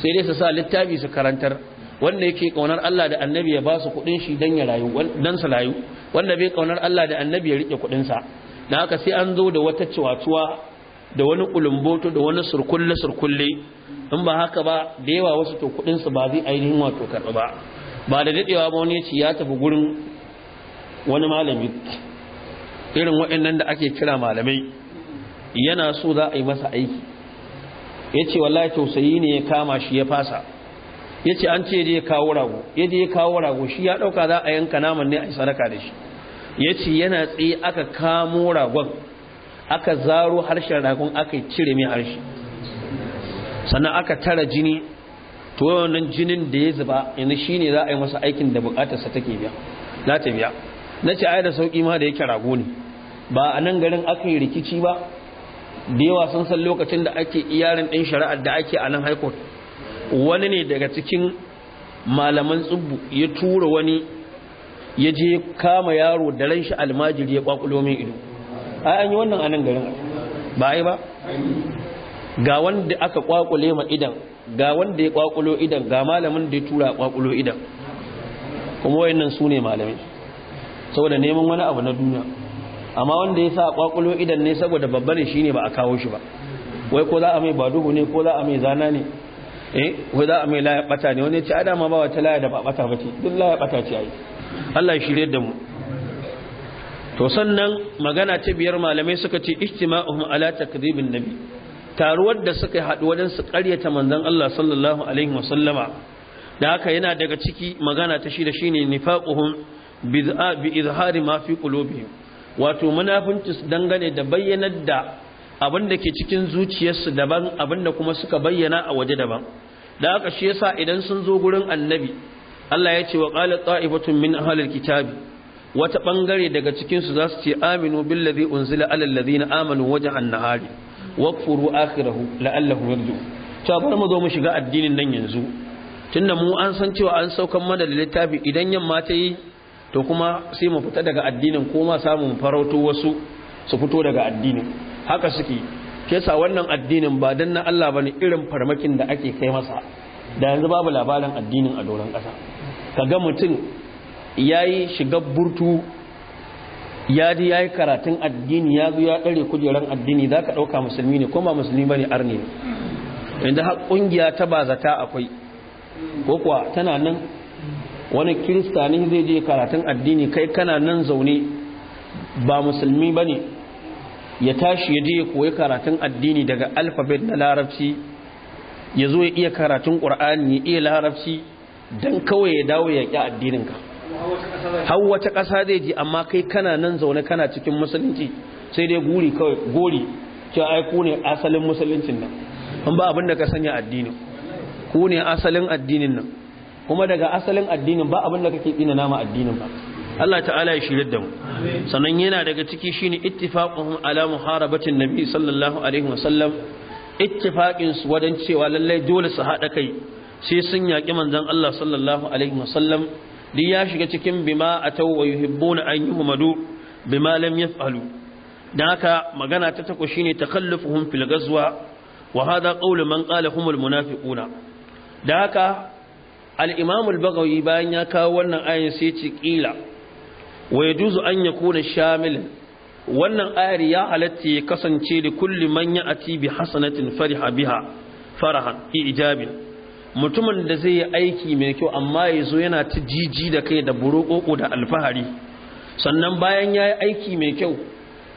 sai dai su sa littafi su karantar wanda yake kaunar Allah da annabi ya ba su kuɗin shi dan ya rayu dan su rayu wanda bai kaunar Allah da annabi ya rike kuɗin sa da haka sai an zo da wata ciwatuwa da wani kulumboto da wani surkulle surkulle in ba haka ba da yawa wasu to kudin ba zai ainihin wato karba ba ba da dadewa ba wani yace ya tafi gurin wani malami irin waɗannan da ake kira malamai yana so za a yi masa aiki yace wallahi tausayi ne ya kama shi ya fasa yace an ce je kawo rago yaje ya kawo rago shi ya ɗauka za a yanka naman ne a yi sadaka da shi ya ce yana tsaye aka kamo ragon aka zaro harshen ragon aka cire mai harshe sannan aka tara jini to wannan jinin da ya zuba yanzu shi ne za a yi masa aikin da bukatarsa take biya na ta biya na ce da sauƙi ma da yake rago ne ba a nan garin aka yi rikici ba da yawa sun san lokacin da ake iyarin ɗin shari'ar da ake a nan haikot wani ne daga cikin malaman tsubbu ya tura wani ya je kama yaro da ran shi almajiri ya kwakulo min ido ai an yi wannan anan garin ba ai ba ga wanda aka kwakule ma idan ga wanda ya kwakulo idan ga malamin da ya tura kwakulo idan kuma wayannan su ne malamai saboda neman wani abu na duniya amma wanda ya sa kwakulo idan ne saboda babba ne shine ba a kawo shi ba wai ko za a mai duhu ne ko za a mai zana ne eh wai za a mai laya bata ne wani ya ce adama ba wata laya da ba bata ba ce duk laya bata ce ai Allah ya shirye da mu to sannan magana ta biyar malamai suka ce ijtima'uhum ala takdhibin nabi taruwar da suka haɗu wajen su ƙaryata manzon Allah sallallahu alaihi wasallama da haka yana daga ciki magana ta shida shine nifaquhum bi izhari ma fi qulubihim wato munafinci dangane da bayyanar da abin da ke cikin zuciyarsu daban abin da kuma suka bayyana a waje daban da haka shi yasa idan sun zo gurin annabi Allah ya ce wa qala ta’ibatun min ahlil kitabi wata ɓangare daga cikin su zasu ce aminu billazi unzila alal ladina amanu wajhan nahari waqfuru akhirahu la'allahu yarji'un to bar mu zo mu shiga addinin nan yanzu tunda mu an san cewa an saukan mana da littafi idan yamma ta yi to kuma sai mu fita daga addinin ko ma samu mu farauto wasu su fito daga addinin haka suke kesa wannan addinin ba dan na Allah bane irin farmakin da ake kai masa da yanzu babu labarin addinin a doron ƙasa kaga mutum yayi shiga burtu ya ji yi karatun addini ya zo ya ɗare kujeran addini zaka ɗauka musulmi ne ko ba musulmi bane arne inda har ƙungiya ta ba zata akwai ko kuwa tana nan wani kirista ne zai je karatun addini kai kana nan zaune ba musulmi ba ne ya tashi ya je koyi karatun addini daga alfabet na larabci ya zo ya iya karatun ƙur'ani ya iya larabci don kawai ya dawo ya ƙi addininka har wata ƙasa zai ji amma kai kana nan zaune kana cikin musulunci sai dai guri kawai gori ki aiku ne asalin musuluncin nan an ba abin da ka sanya addinin ku ne asalin addinin nan kuma daga asalin addinin ba abin da kake ƙina nama addinin ba Allah ta'ala ya shirar da mu sannan yana daga ciki shine ittifaquhum ala muharabatin nabi sallallahu alaihi wasallam ittifaqin su wadan cewa lallai dole su hada kai sai sun yaƙi Allah sallallahu alaihi wasallam duk ya shiga cikin bima ataw wa yuhibbuna an yuhmadu bima lam yaf'alu dan haka magana ta tako ta takallufuhum fil ghazwa wa hada qawlu man qala humul munafiquna dan haka al-imam al bayan ya kawo wannan ayin sai ce ƙila. wa yajuzu an yakuna shamilan wannan ayar ya halatta ya kasance da kulli man a bi hasanatin fariha biha farahan ijabin mutumin da zai yi aiki mai kyau amma ya zo yana ta jiji da kai da buroƙoƙo da alfahari sannan bayan ya yi aiki mai kyau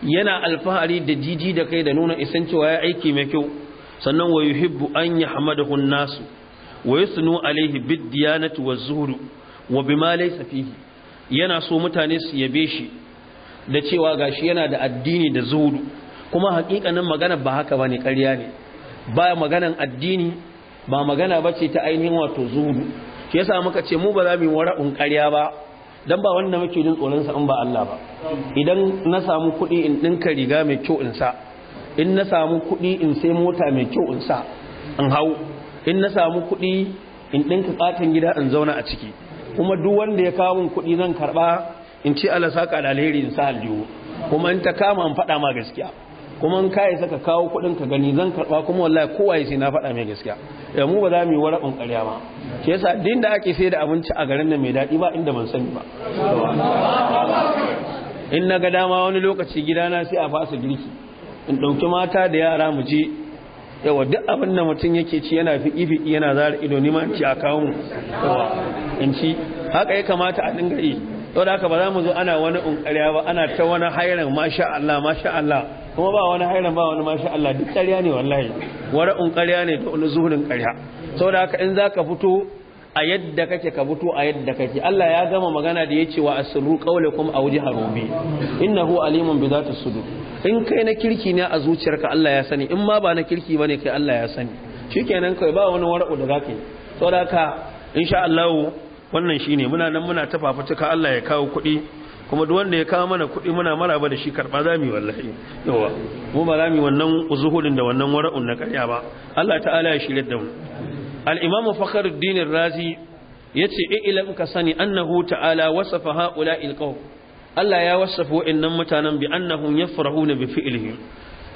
yana alfahari da jiji da kai da nuna isan cewa ya aiki mai kyau sannan wa yuhibbu an hun nasu wa yusnu alaihi bid diyanati wa zuhru wa ma laysa fihi yana so mutane su yabe shi da cewa gashi yana da addini da zuhuru kuma hakikanin magana ba haka bane ƙarya ne ba maganan addini ba magana ba ce ta ainihin wato zuhudu shi yasa muka ce mu ba za mu yi wara'un ƙarya ba dan ba wanda muke jin tsoron sa in ba Allah ba idan na samu kuɗi in dinka riga mai kyau in sa in na samu kuɗi in sai mota mai kyau in sa in hau in na samu kuɗi in ɗinka katin gida in zauna a ciki kuma duk wanda ya kawo min kuɗi zan karɓa in ci Allah saka da alheri in sa aljihu kuma in ta kama in faɗa ma gaskiya kuma in ka isa ka kawo kuɗin ka gani zan karba kuma wallahi kowa sai na faɗa mai gaskiya da mu ba za mu yi warabin ƙarya ba ke yasa din da ake sai da abinci a garin nan mai daɗi ba inda ban sani ba in na ga dama wani lokaci gidana sai a fasa girki in ɗauki mata da yara mu je yawa duk abin da mutum yake ci yana fi ifi yana zara ido neman ci a kawo mu in ci haka ya kamata a dinga yi da haka ba za mu zo ana wani unkariya ba ana ta wani hairan masha Allah masha Allah kuma ba wani hairan ba wani mashi Allah duk ƙarya ne wallahi wara'un ƙarya ne da wani zuhunin ƙarya da haka in ka fito a yadda kake ka fito a yadda kake Allah ya gama magana da ya ce wa a wuji harobe inna hu alimun bi ta sudu in kai na kirki ne a zuciyarka Allah ya sani in ma ba na kirki ne kai Allah ya sani nan kai ba wani wara'u da za ka yi Sau da haka sha Allah wannan shi ne, muna nan muna Allah ya kawo kuɗi kuma duk wanda ya kawo mana kuɗi muna maraba da shi karɓa za mu wallahi yawa mu ba za mu wannan zuhudin da wannan wara'un na ƙarya ba Allah ta'ala ya shirya da mu al-imam fakhruddin razi yace ilam ka sani annahu ta'ala wasafa haula ilqaw Allah ya wasafa wa'annan mutanen bi annahum yafrahuna bi fi'lihim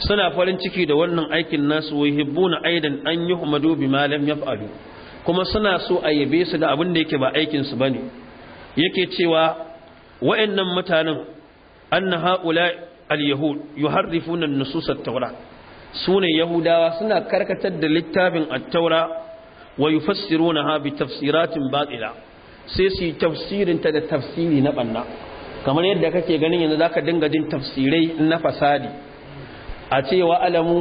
suna farin ciki da wannan aikin nasu wa yuhibbuna aidan an yuhmadu bima lam yaf'alu kuma suna so a yabe su da abin da yake ba aikin su bane yake cewa wa'annan mutanen anna haula al-yahud yuharrifuna an-nusus at-taura sune yahudawa suna karkatar da littafin at-taura wa yufassirunaha bi tafsiratin batila sai su tafsirin ta da tafsiri na banna kamar yadda kake ganin yanzu zaka dinga jin tafsirai na fasadi a cewa alamu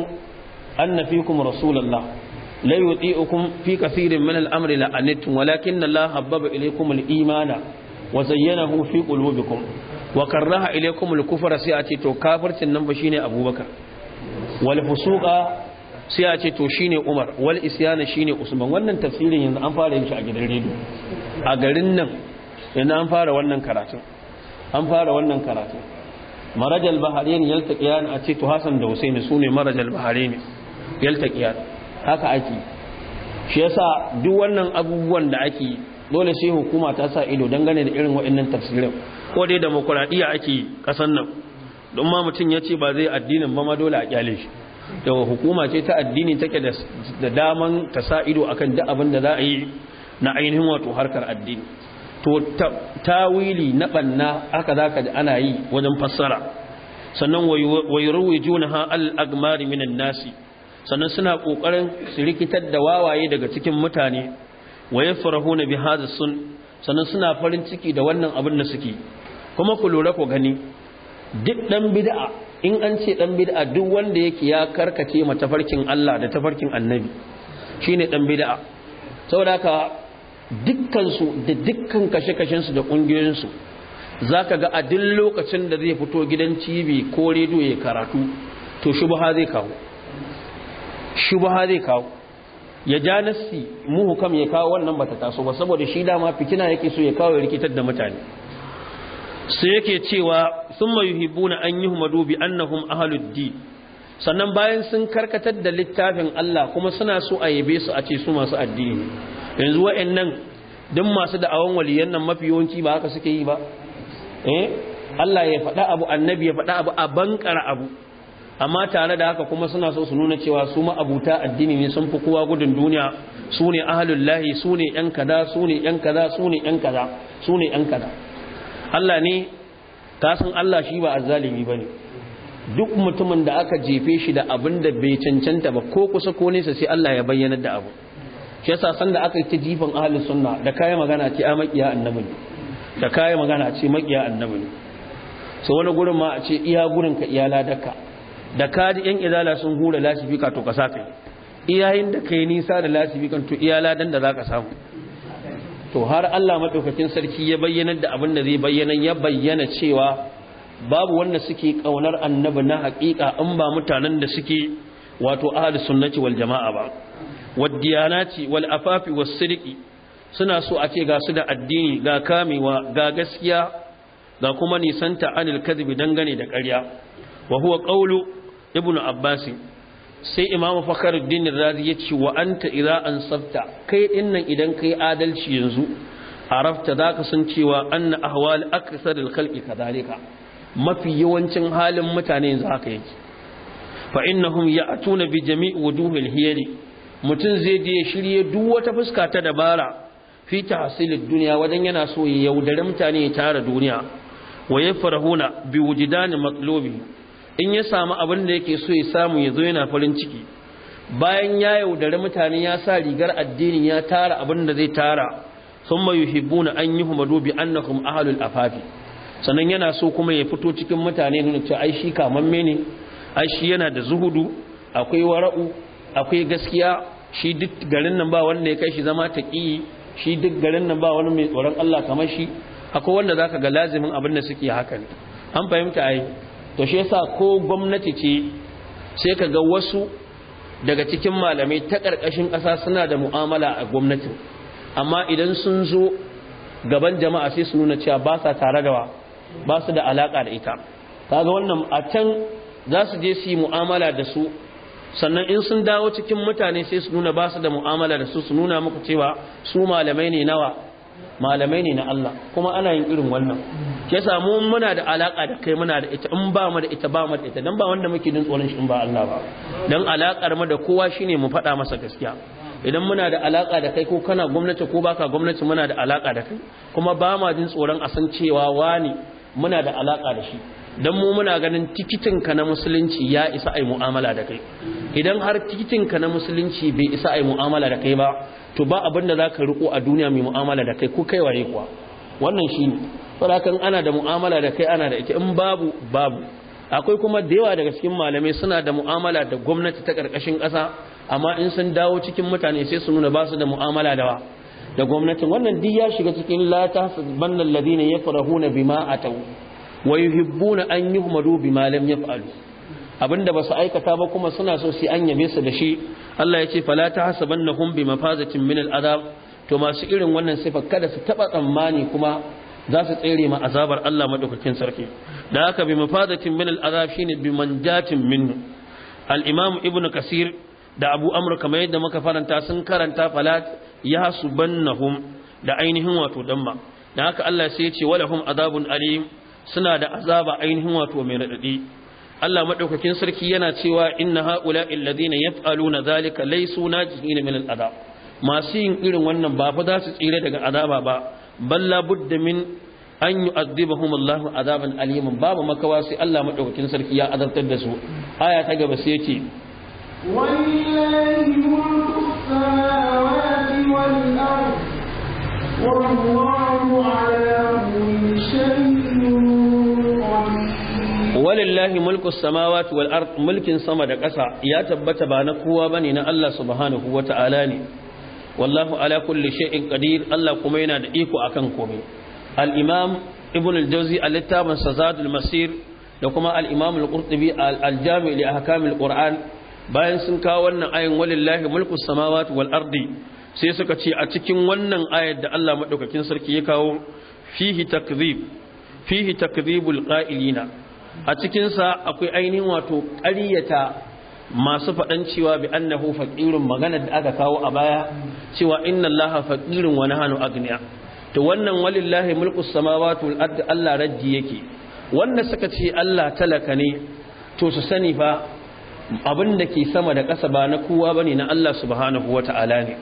anna fikum rasulullah la yuti'ukum fi kathirin min al-amri la'anittum walakinna allaha habbaba ilaykum al-imana wa zayyanahu fi qulubikum wa karaha ilaykum al-kufra sai a ce to kafircin nan ba shine abubakar wal fusuqa sai a ce to shine umar wal isyana shine usman wannan tafsirin yanzu an fara yin shi a gidan rediyo a garin nan yanzu an fara wannan karatu an fara wannan karatu marajal bahrain yaltaqiyan a ce to hasan da husaini sune marajal bahrain yaltaqiyan haka ake shi yasa duk wannan abubuwan da ake dole sai hukuma ta sa ido dangane da irin waɗannan tafsirin ko dai demokuraɗiyya ake ƙasan nan don ma mutum ya ce ba zai addinin ba ma dole a kyale shi daga hukuma ce ta addini take da daman ta sa ido akan kan abin da za a yi na ainihin wato harkar addini to wili na banna aka zaka da ana yi wajen fassara sannan wayruwi juna ha al'agmari minan nasi sannan suna ƙoƙarin su rikitar da wawaye daga cikin mutane wa yafrahuna bi hadha sun sannan suna farin ciki da wannan abin da suke kuma ku lura ku gani duk dan bid'a in an ce dan bid'a duk wanda yake ya karkace ma tafarkin Allah da tafarkin Annabi shine dan bid'a saboda haka dukkan su da dukkan kashe-kashen su da kungiyoyin su zaka ga a duk lokacin da zai fito gidan TV ko rediyo ya karatu to shubha zai kawo shubha zai kawo ya ja nassi hukam ya kawo wannan bata taso ba saboda shi dama fitina yake so ya kawo rikitar da mutane sai yake cewa thumma na an yuhmadu bi annahum ahlud sannan bayan sun karkatar da littafin Allah kuma suna so a yabe su a ce su masu addini yanzu wa'annan duk masu da'awan waliyan nan mafi yawanci ba haka suke yi ba eh Allah ya faɗa abu annabi ya faɗa abu a bankara abu amma tare da haka kuma suna so su nuna cewa su ma'abuta addini ne sun fi kowa gudun duniya su ne ahalun lahi su ne yan kaza su ne yan kaza su ne yan kaza su ne yan kaza Allah ne ka san Allah shi ba azzalimi bane duk mutumin da aka jefe shi da abin da bai cancanta ba ko kusa ko nesa sai Allah ya bayyana da abu shi yasa sanda aka yi ta jifan ahlus sunna da kai magana ce a makiya annabi ne da kai magana ce makiya annabi ne so wani gurin ma a ce iya gurin ka iya ladaka da kaji yan izala sun hura lasifika to ka iyayen da kai nisa da lasifikan to iyala dan da zaka samu to har Allah madaukakin sarki ya bayyana da abin da zai bayyana ya bayyana cewa babu wanda suke ƙaunar annabi na haƙiƙa in ba mutanen da suke wato ahli sunnati wal jama'a ba wadiyanati wal afafi was sidqi suna so a ce ga su da addini ga kamewa ga gaskiya ga kuma nisanta anil kadhibi dangane da ƙarya wa huwa qawlu ibn abbas sai imam fakhruddin razi yace wa anta idza tsafta kai dinnan idan kai adalci yanzu arafta zaka san cewa anna ahwal aksaril khalqi kadhalika mafi yawancin halin mutane yanzu haka yake fa innahum ya'tuna bi jami'i wuduhil hiyari mutun zai je ya shirye duk wata fuska ta dabara fi tahsilid dunya wajen yana so ya yaudare mutane ya tara duniya wa yafrahuna bi wujdani matlubi in ya samu abin da yake so ya samu ya zo yana farin ciki bayan ya yaudare mutane ya sa rigar addini ya tara abin da zai tara sun mai na an yi humadu bi ahalul afafi sannan yana so kuma ya fito cikin mutane nuna ce ai shi kamamme ai shi yana da zuhudu akwai wara'u akwai gaskiya shi duk garin nan ba wanda ya kai shi zama ta taqiyi shi duk garin nan ba wani mai tsoron Allah kamar shi akwai wanda zaka ga lazimin abin da suke haka ne an fahimta ai to shi yasa ko gwamnati ce sai ka ga wasu daga cikin malamai ta ƙarƙashin ƙasa suna da mu'amala a gwamnatin amma idan sun zo gaban jama'a sai su nuna cewa ba sa tare da ba su da alaƙa da ita kaga wannan a can za su je su yi mu'amala da su sannan in sun dawo cikin mutane sai su nuna ba su da mu'amala da su su nuna muku cewa su malamai ne nawa malamai ne na Allah kuma ana yin irin wannan ke samu muna da alaka da kai muna da ita in ba mu da ita ba mu da ita dan ba wanda muke jin tsoron shi in ba Allah ba dan alakar mu da kowa shine mu faɗa masa gaskiya idan muna da alaka da kai ko kana gwamnati ko baka gwamnati muna da alaka da kai kuma ba ma jin tsoron a san cewa wani muna da alaka da shi dan mu muna ganin tikitin ka na musulunci ya isa ai mu'amala da kai idan har tikitin ka na musulunci bai isa ai mu'amala da kai ba to ba abin da zaka riko a duniya mai mu'amala da kai ko kai waye kuwa wannan shi shine kan ana da mu'amala da kai ana da ita in babu babu akwai kuma da yawa daga cikin malamai suna da mu'amala da gwamnati ta karkashin ƙasa amma in sun dawo cikin mutane sai su nuna ba su da mu'amala da wa da gwamnatin wannan duk ya shiga cikin la tahsabanna alladhina yafrahuna bima ataw wa yuhibbuna an yuhmadu bima lam yaf'alu abinda ba aikata ba kuma suna so su an yabe su da shi Allah ya ce fala hasabannahum bi mafazatin min al-adab to masu irin wannan sifar kada su taba tsammani kuma za su tsere ma azabar Allah madaukakin sarki da haka bi mafadatin min al'azab shine bi manjatin minhu al-imam ibnu kasir da abu amr kamar yadda muka faranta sun karanta falat ya subannahum da ainihin wato damma da haka Allah sai ya ce walahum azabun alim suna da azaba ainihin wato mai radadi Allah madaukakin sarki yana cewa inna haula alladhina yaf'aluna dhalika laysu najihin min al'azab masu yin irin wannan ba fa za su tsira daga azaba ba balla budda min an yu'adhibahum Allahu azaban aliman babu makawa sai Allah madaukakin sarki ya azabtar da su aya ta gaba sai yace wallahi mulku samawati wal ard wallahu ala kulli shay'in walillahi mulku samawati wal ard mulkin sama da ƙasa ya tabbata ba na kowa bane na Allah subhanahu wata'ala ne wallahu ala kulli shay'in qadir Allah kuma yana da iko akan komai al-imam ibn al-jawzi al-littafin sazadul masir da kuma al-imam al-qurtubi al-jami' li ahkam al-qur'an bayan sun kawo wannan ayin walillahi mulku samawati wal ardi sai suka ce a cikin wannan ayar da Allah madaukakin sarki ya kawo fihi takdhib fihi takdhibul qa'ilina a cikin sa akwai ainihin wato ƙaryata masu faɗan cewa bi annahu faqirun magana da aka kawo a baya cewa inna allaha faqirun wa nahnu agniya to wannan walillahi mulku samawati wal ardi Allah rajji yake wanda suka ce Allah talaka ne to su sani fa abin da ke sama da ƙasa ba na kowa bane na Allah subhanahu wata'ala ne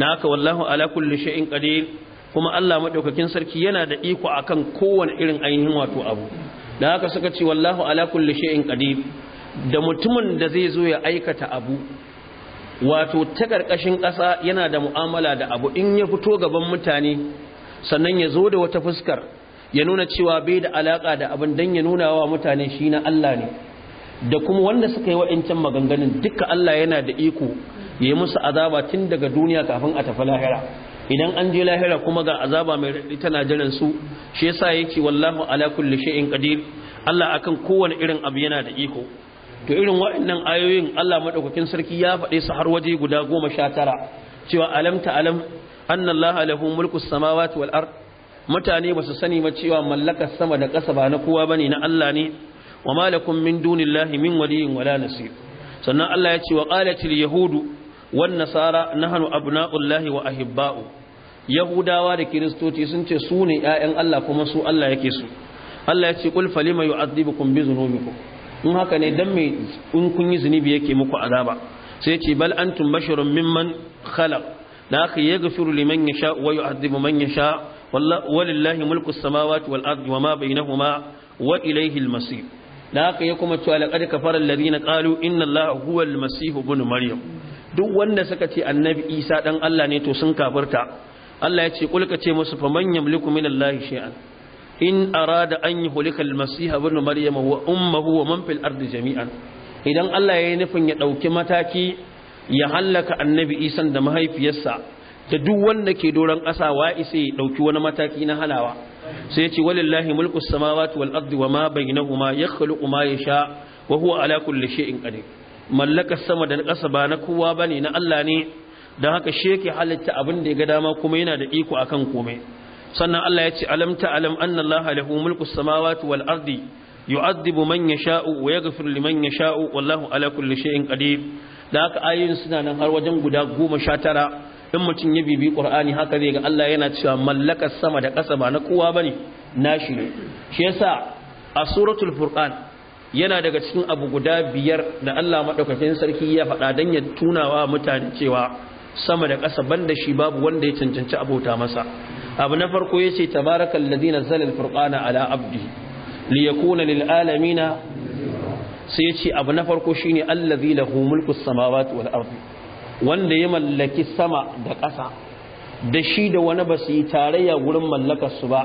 na haka wallahu ala kulli shay'in qadir kuma Allah madaukakin sarki yana da iko akan kowane irin ainihin wato abu da haka suka ce wallahu ala kulli shay'in qadir da mutumin da zai zo ya aikata abu wato ta ƙarƙashin ƙasa yana da mu'amala da abu in ya fito gaban mutane sannan ya zo da wata fuskar ya nuna cewa bai da alaƙa da abin don ya nuna wa mutane shi na Allah ne da kuma wanda suka yi wa'incan maganganun duka Allah yana da iko ya yi musu azaba tun daga duniya kafin a tafi lahira idan an je lahira kuma ga azaba mai raɗi tana jiran su shi yasa yake wallahu ala kulli shay'in qadir Allah akan kowane irin abu yana da iko to irin waɗannan ayoyin Allah madaukakin sarki ya faɗe su har waje guda goma sha tara cewa alam ta alam anna Allah lahu mulku samawati wal ard mutane ba su sani ba cewa mallakar sama da ƙasa ba na kowa bane na Allah ne wa malakum min dunillahi min waliyyin wala nasir sannan Allah ya ce wa qalatil yahudu wan nasara nahnu abna'ullahi wa ahibba'u yahudawa da kiristoci sun ce su ne ƴaƴan Allah kuma su Allah yake su Allah ya ce qul falima yu'adhibukum bi dhunubikum in haka ne dan mai in kun yi zunubi yake muku azaba sai ce bal antum basharun mimman khalaq da haka yaghfiru liman sha wa yu'adhibu man yasha walillahi mulku as-samawati wal ardi wa ma bainahuma wa ilayhi al-masir da haka yi kuma cewa laqad kafara alladhina qalu inna allaha huwa al-masih ibn maryam duk wanda suka ce annabi isa dan Allah ne to sun kafirta Allah ya ce kulka ce musu faman yamliku min allahi shay'an in arada an yi hulikal masiha bin maryama wa ummahu wa man fil ardi jami'an idan Allah ya yi nufin ya dauki mataki ya hallaka annabi Isa da mahaifiyarsa da duk wanda ke doron ƙasa wa isa ya dauki wani mataki na halawa sai ya ce walillahi mulku samawati wal ardi wa ma bainahuma yakhluqu ma yasha wa huwa ala kulli shay'in qadir mallakar sama da ƙasa ba na kowa bane na Allah ne dan haka shi yake halitta abin da ya ga dama kuma yana da iko akan komai sannan Allah ya ce alam alam anna Allah lahu mulku samawati wal ardi yu'adibu man yasha'u wa yaghfiru liman yasha'u wallahu ala kulli shay'in qadir da haka ayoyin suna nan har wajen guda 19 in mutum ya bibi qur'ani haka zai ga Allah yana cewa mallakar sama da ƙasa ba na kowa bane nashi ne shi yasa a suratul furqan yana daga cikin abu guda biyar da Allah madaukakin sarki ya faɗa dan ya tunawa mutane cewa sama da ƙasa banda shi babu wanda ya cancanci abota masa abu na farko ya ce tabarakan nazzala al-furqana ala abdi liyakuna lil alamin sai yace abu na farko shine allazi lahu mulku sama samawati wal wanda ya mallaki sama da ƙasa da shi da wani ba su yi tarayya gurin mallakar su ba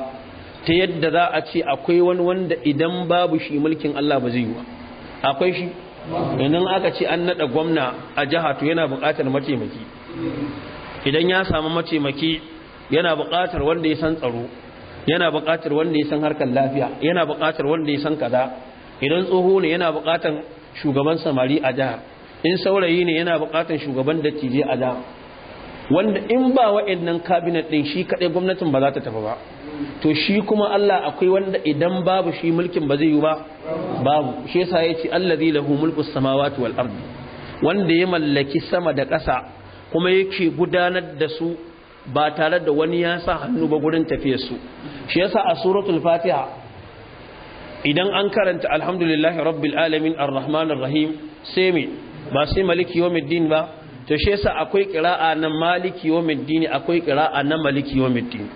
ta yadda za a ce akwai wani wanda idan babu shi mulkin Allah ba zai yi ba akwai shi idan aka ce an naɗa gwamna a jiha to yana buƙatar mataimaki idan ya samu mataimaki yana buƙatar wanda ya san tsaro yana buƙatar wanda ya san harkar lafiya yana buƙatar wanda ya san kaza idan tsoho ne yana buƙatar shugaban samari a jihar in saurayi ne yana buƙatar shugaban dattijai a jihar wanda in ba wa'annan kabinet din shi kaɗai gwamnatin ba za ta tafi ba to shi kuma Allah akwai wanda idan babu shi mulkin ba zai yi ba babu shi yasa yace allazi lahu mulku samawati wal ardi wanda ya mallaki sama da ƙasa kuma yake gudanar da su ba tare da wani ya sa hannu ba gurin tafiyarsu shi yasa a suratul fatiha idan an karanta alhamdulillahi rabbil alamin arrahmanir rahim sai mai ba sai maliki yawmiddin ba to shi yasa akwai kira'a na maliki yawmiddin akwai qira'a na maliki yawmiddin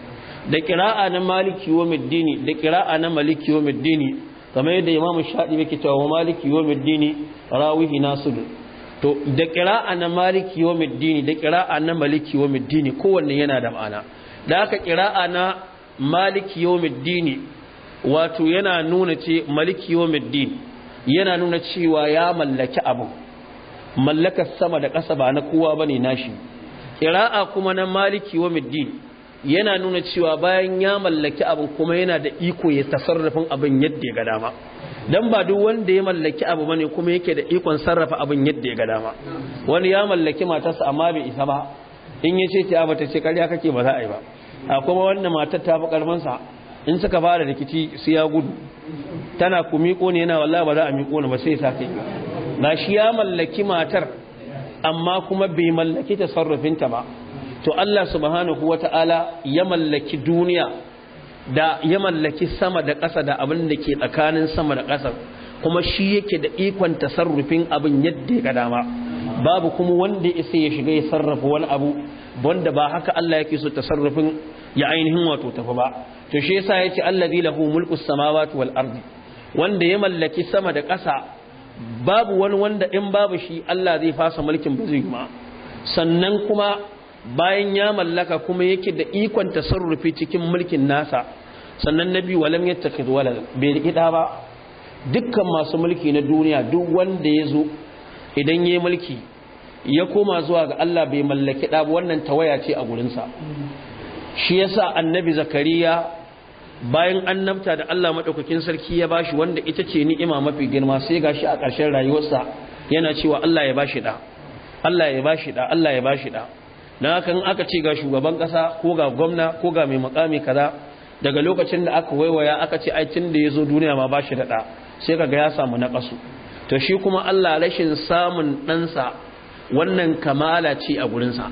da qira'a na maliki yawmiddin da kira'a na maliki yawmiddin kamar yadda imamu shadi yake cewa maliki yawmiddin rawihi nasud to da ƙira'a na maliki middini da kira'a na maliki middini kowanne yana da ma'ana da haka kira'a na maliki middini wato yana nuna ce maliki middini yana nuna cewa ya mallaki abu mallakar sama da ƙasa ba na kowa ba bane nashi Ƙira'a kuma na maliki middini yana nuna cewa bayan ya mallaki abin kuma yana da iko ya tasarrafin abin yadda ya ga dama dan ba duk wanda ya mallaki abu bane kuma yake da ikon sarrafa abin yadda ya ga dama wani ya mallaki matarsa amma bai isa ba in ya ce ta bata ce karya kake ba za a yi ba a kuma wannan matar ta fi sa in suka fara rikici su ya gudu tana ku miƙo ne yana wallahi ba za a miƙo ne ba sai sa kai ba shi ya mallaki matar amma kuma bai mallaki tasarrufinta ba to Allah subhanahu wata'ala ya mallaki duniya da ya mallaki sama da ƙasa da abin da ke tsakanin sama da ƙasa kuma shi yake da ikon tasarrufin abin yadda ya ga dama babu kuma wanda ya ya shiga ya sarrafa wani abu wanda ba haka Allah yake so tasarrufin ya ainihin wato tafi ba to shi yasa yace allazi lahu mulku samawati wal ardi wanda ya mallaki sama da ƙasa babu wani wanda in babu shi Allah zai fasa mulkin ba zai ma sannan kuma bayan ya mallaka kuma yake da ikon tasarrufi cikin mulkin nasa sannan nabi walam yattakhid walad bai rikida ba dukkan masu mulki na duniya duk wanda ya zo idan yayi mulki ya koma zuwa ga Allah bai mallaki da wannan tawaya ce a gurinsa shi yasa annabi zakariya bayan annabta da Allah maɗaukakin sarki ya bashi wanda ita ce ni'ima mafi girma sai gashi a ƙarshen rayuwarsa yana cewa Allah ya bashi da Allah ya bashi da Allah ya bashi da na kan aka ce ga shugaban kasa ko ga gwamna ko ga mai makami kaza daga lokacin da aka waiwaya aka ce ai tun da ya zo duniya ma ba shi da ɗa sai ga ya samu na ƙasu to shi kuma Allah rashin samun ɗansa wannan kamala ce a gurinsa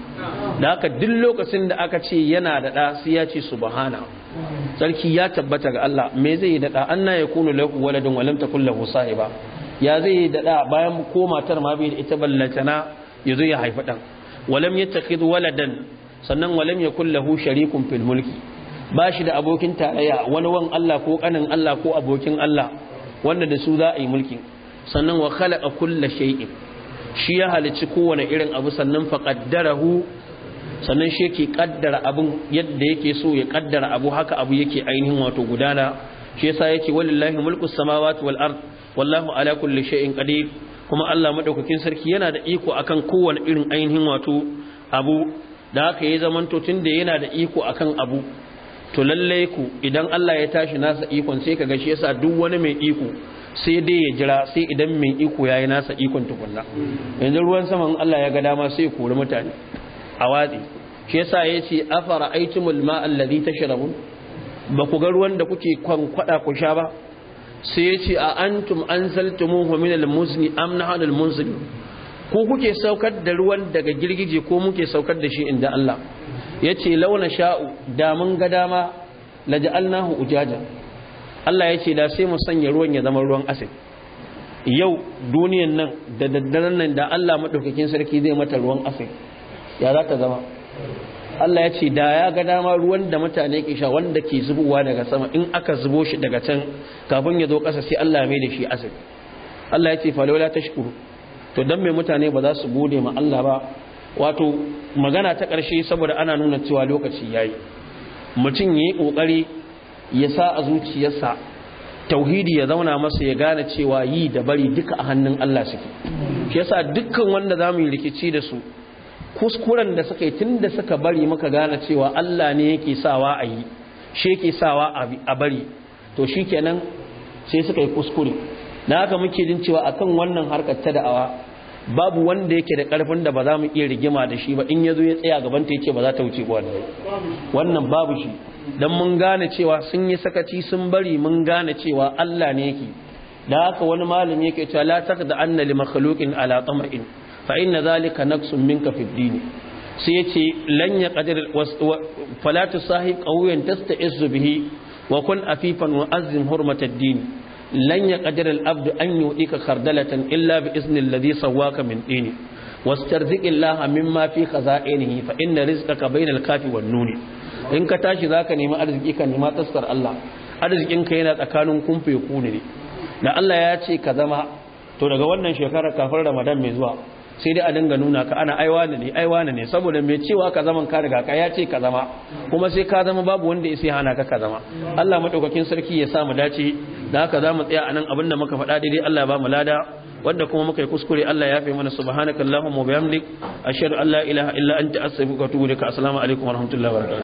da haka duk lokacin da aka ce yana daɗa ɗa ya ce su subhana sarki ya tabbata ga Allah me zai yi da ya anna yakunu lahu waladun walam takul lahu sahiba ya zai yi da bayan ko matar ma bai da ita ballatana ya zo ya haifi ɗan walam yattakhid waladan sannan walam yakul lahu sharikun fil mulki bashi da abokin tarayya wani wan Allah ko kanin Allah ko abokin Allah wanda da su za a yi mulki sannan wa khalaqa kulla shay'in shi ya halici kowane irin abu sannan fa qaddarahu sannan shi yake kaddara abun yadda yake so ya kaddara abu haka abu yake ainihin wato gudana shi yasa yake walillahi mulku samawati wal ard wallahu ala kulli shay'in qadir kuma Allah madaukakin sarki yana da iko akan kowane irin ainihin wato abu da haka ya zamanto da yana da iko akan abu to lalle ku idan Allah ya tashi nasa ikon sai kaga shi yasa duk wani mai iko sai dai ya jira sai idan mai iko yayi nasa ikon tukunna yanzu ruwan saman Allah ya ga dama sai kore mutane a watsi shi yasa yace afara aitumul ma alladhi tashrabun ba ku ga ruwan da kuke kwankwada ku sha ba sai ya ce a antum mun min al-muzni am nahnu al ko kuke saukar da ruwan daga girgije ko muke saukar da shi inda Allah yace launa sha'u da mun ga dama laji laj'alnahu ujaja Allah ya ce da sai mu sanya ruwan ya zama ruwan asid yau duniyan nan da daddaren nan da Allah maɗaukakin sarki zai mata ruwan asid ya za ta zama Allah ya ce da ya ga dama ruwan da mutane ke sha wanda ke zubowa daga sama in aka zubo shi daga can kafin ya zo kasa sai Allah mai da shi asali Allah ya ce falola tashkuru to dan mai mutane ba za su gode ma Allah ba wato magana ta ƙarshe saboda ana nuna cewa lokaci yayi mutum yi kokari ya sa a zuciyarsa tauhidi ya zauna masa ya gane cewa yi da bari duka a hannun Allah suke shi yasa dukkan wanda zamu yi rikici da su kuskuren da suka yi tun da suka bari maka gane cewa Allah ne yake sawa a yi shi yake sawa a bari to shi kenan sai suka yi kuskure na haka muke jin cewa akan wannan harkar ta da'awa babu wanda yake da karfin da ba za mu iya rigima da shi ba in ya zo ya tsaya gaban ta yake ba za ta wuce ba wannan babu shi dan mun gane cewa sun yi sakaci sun bari mun gane cewa Allah ne yake da haka wani malami yake cewa la takda anna li makhluqin ala tamrin fa inna zalika naqsun minka fi dini sai yace lan ya qadir fala tusahib qawiyan tasta'izu bihi wa kun afifan wa azim hurmatad din lan ya kardalatan, al-abd an yudika khardalatan illa bi izni alladhi sawwaka min dini wastarzik Allah mimma fi khaza'inihi fa inna rizqaka bainal kafi wan nuni in ka tashi zaka nemi arziki ka nemi taskar Allah Arzikinka yana tsakanin kumfe kuni ne da Allah ya ce ka zama to daga wannan shekarar kafin Ramadan mai zuwa sai dai a dinga nuna ka ana aiwa ne aiwa ne saboda mai cewa ka zaman ka riga ka ya ce ka zama kuma sai ka zama babu wanda ya sai hana ka ka zama Allah madaukakin sarki ya sa mu dace da haka za mu tsaya anan abin da muka faɗa daidai Allah ya ba mu lada wanda kuma muka yi kuskure Allah ya fi mana subhanakallahumma wa bihamdik ashhadu an la ilaha illa anta astaghfiruka wa atubu ilaik assalamu alaikum wa rahmatullahi wa barakatuh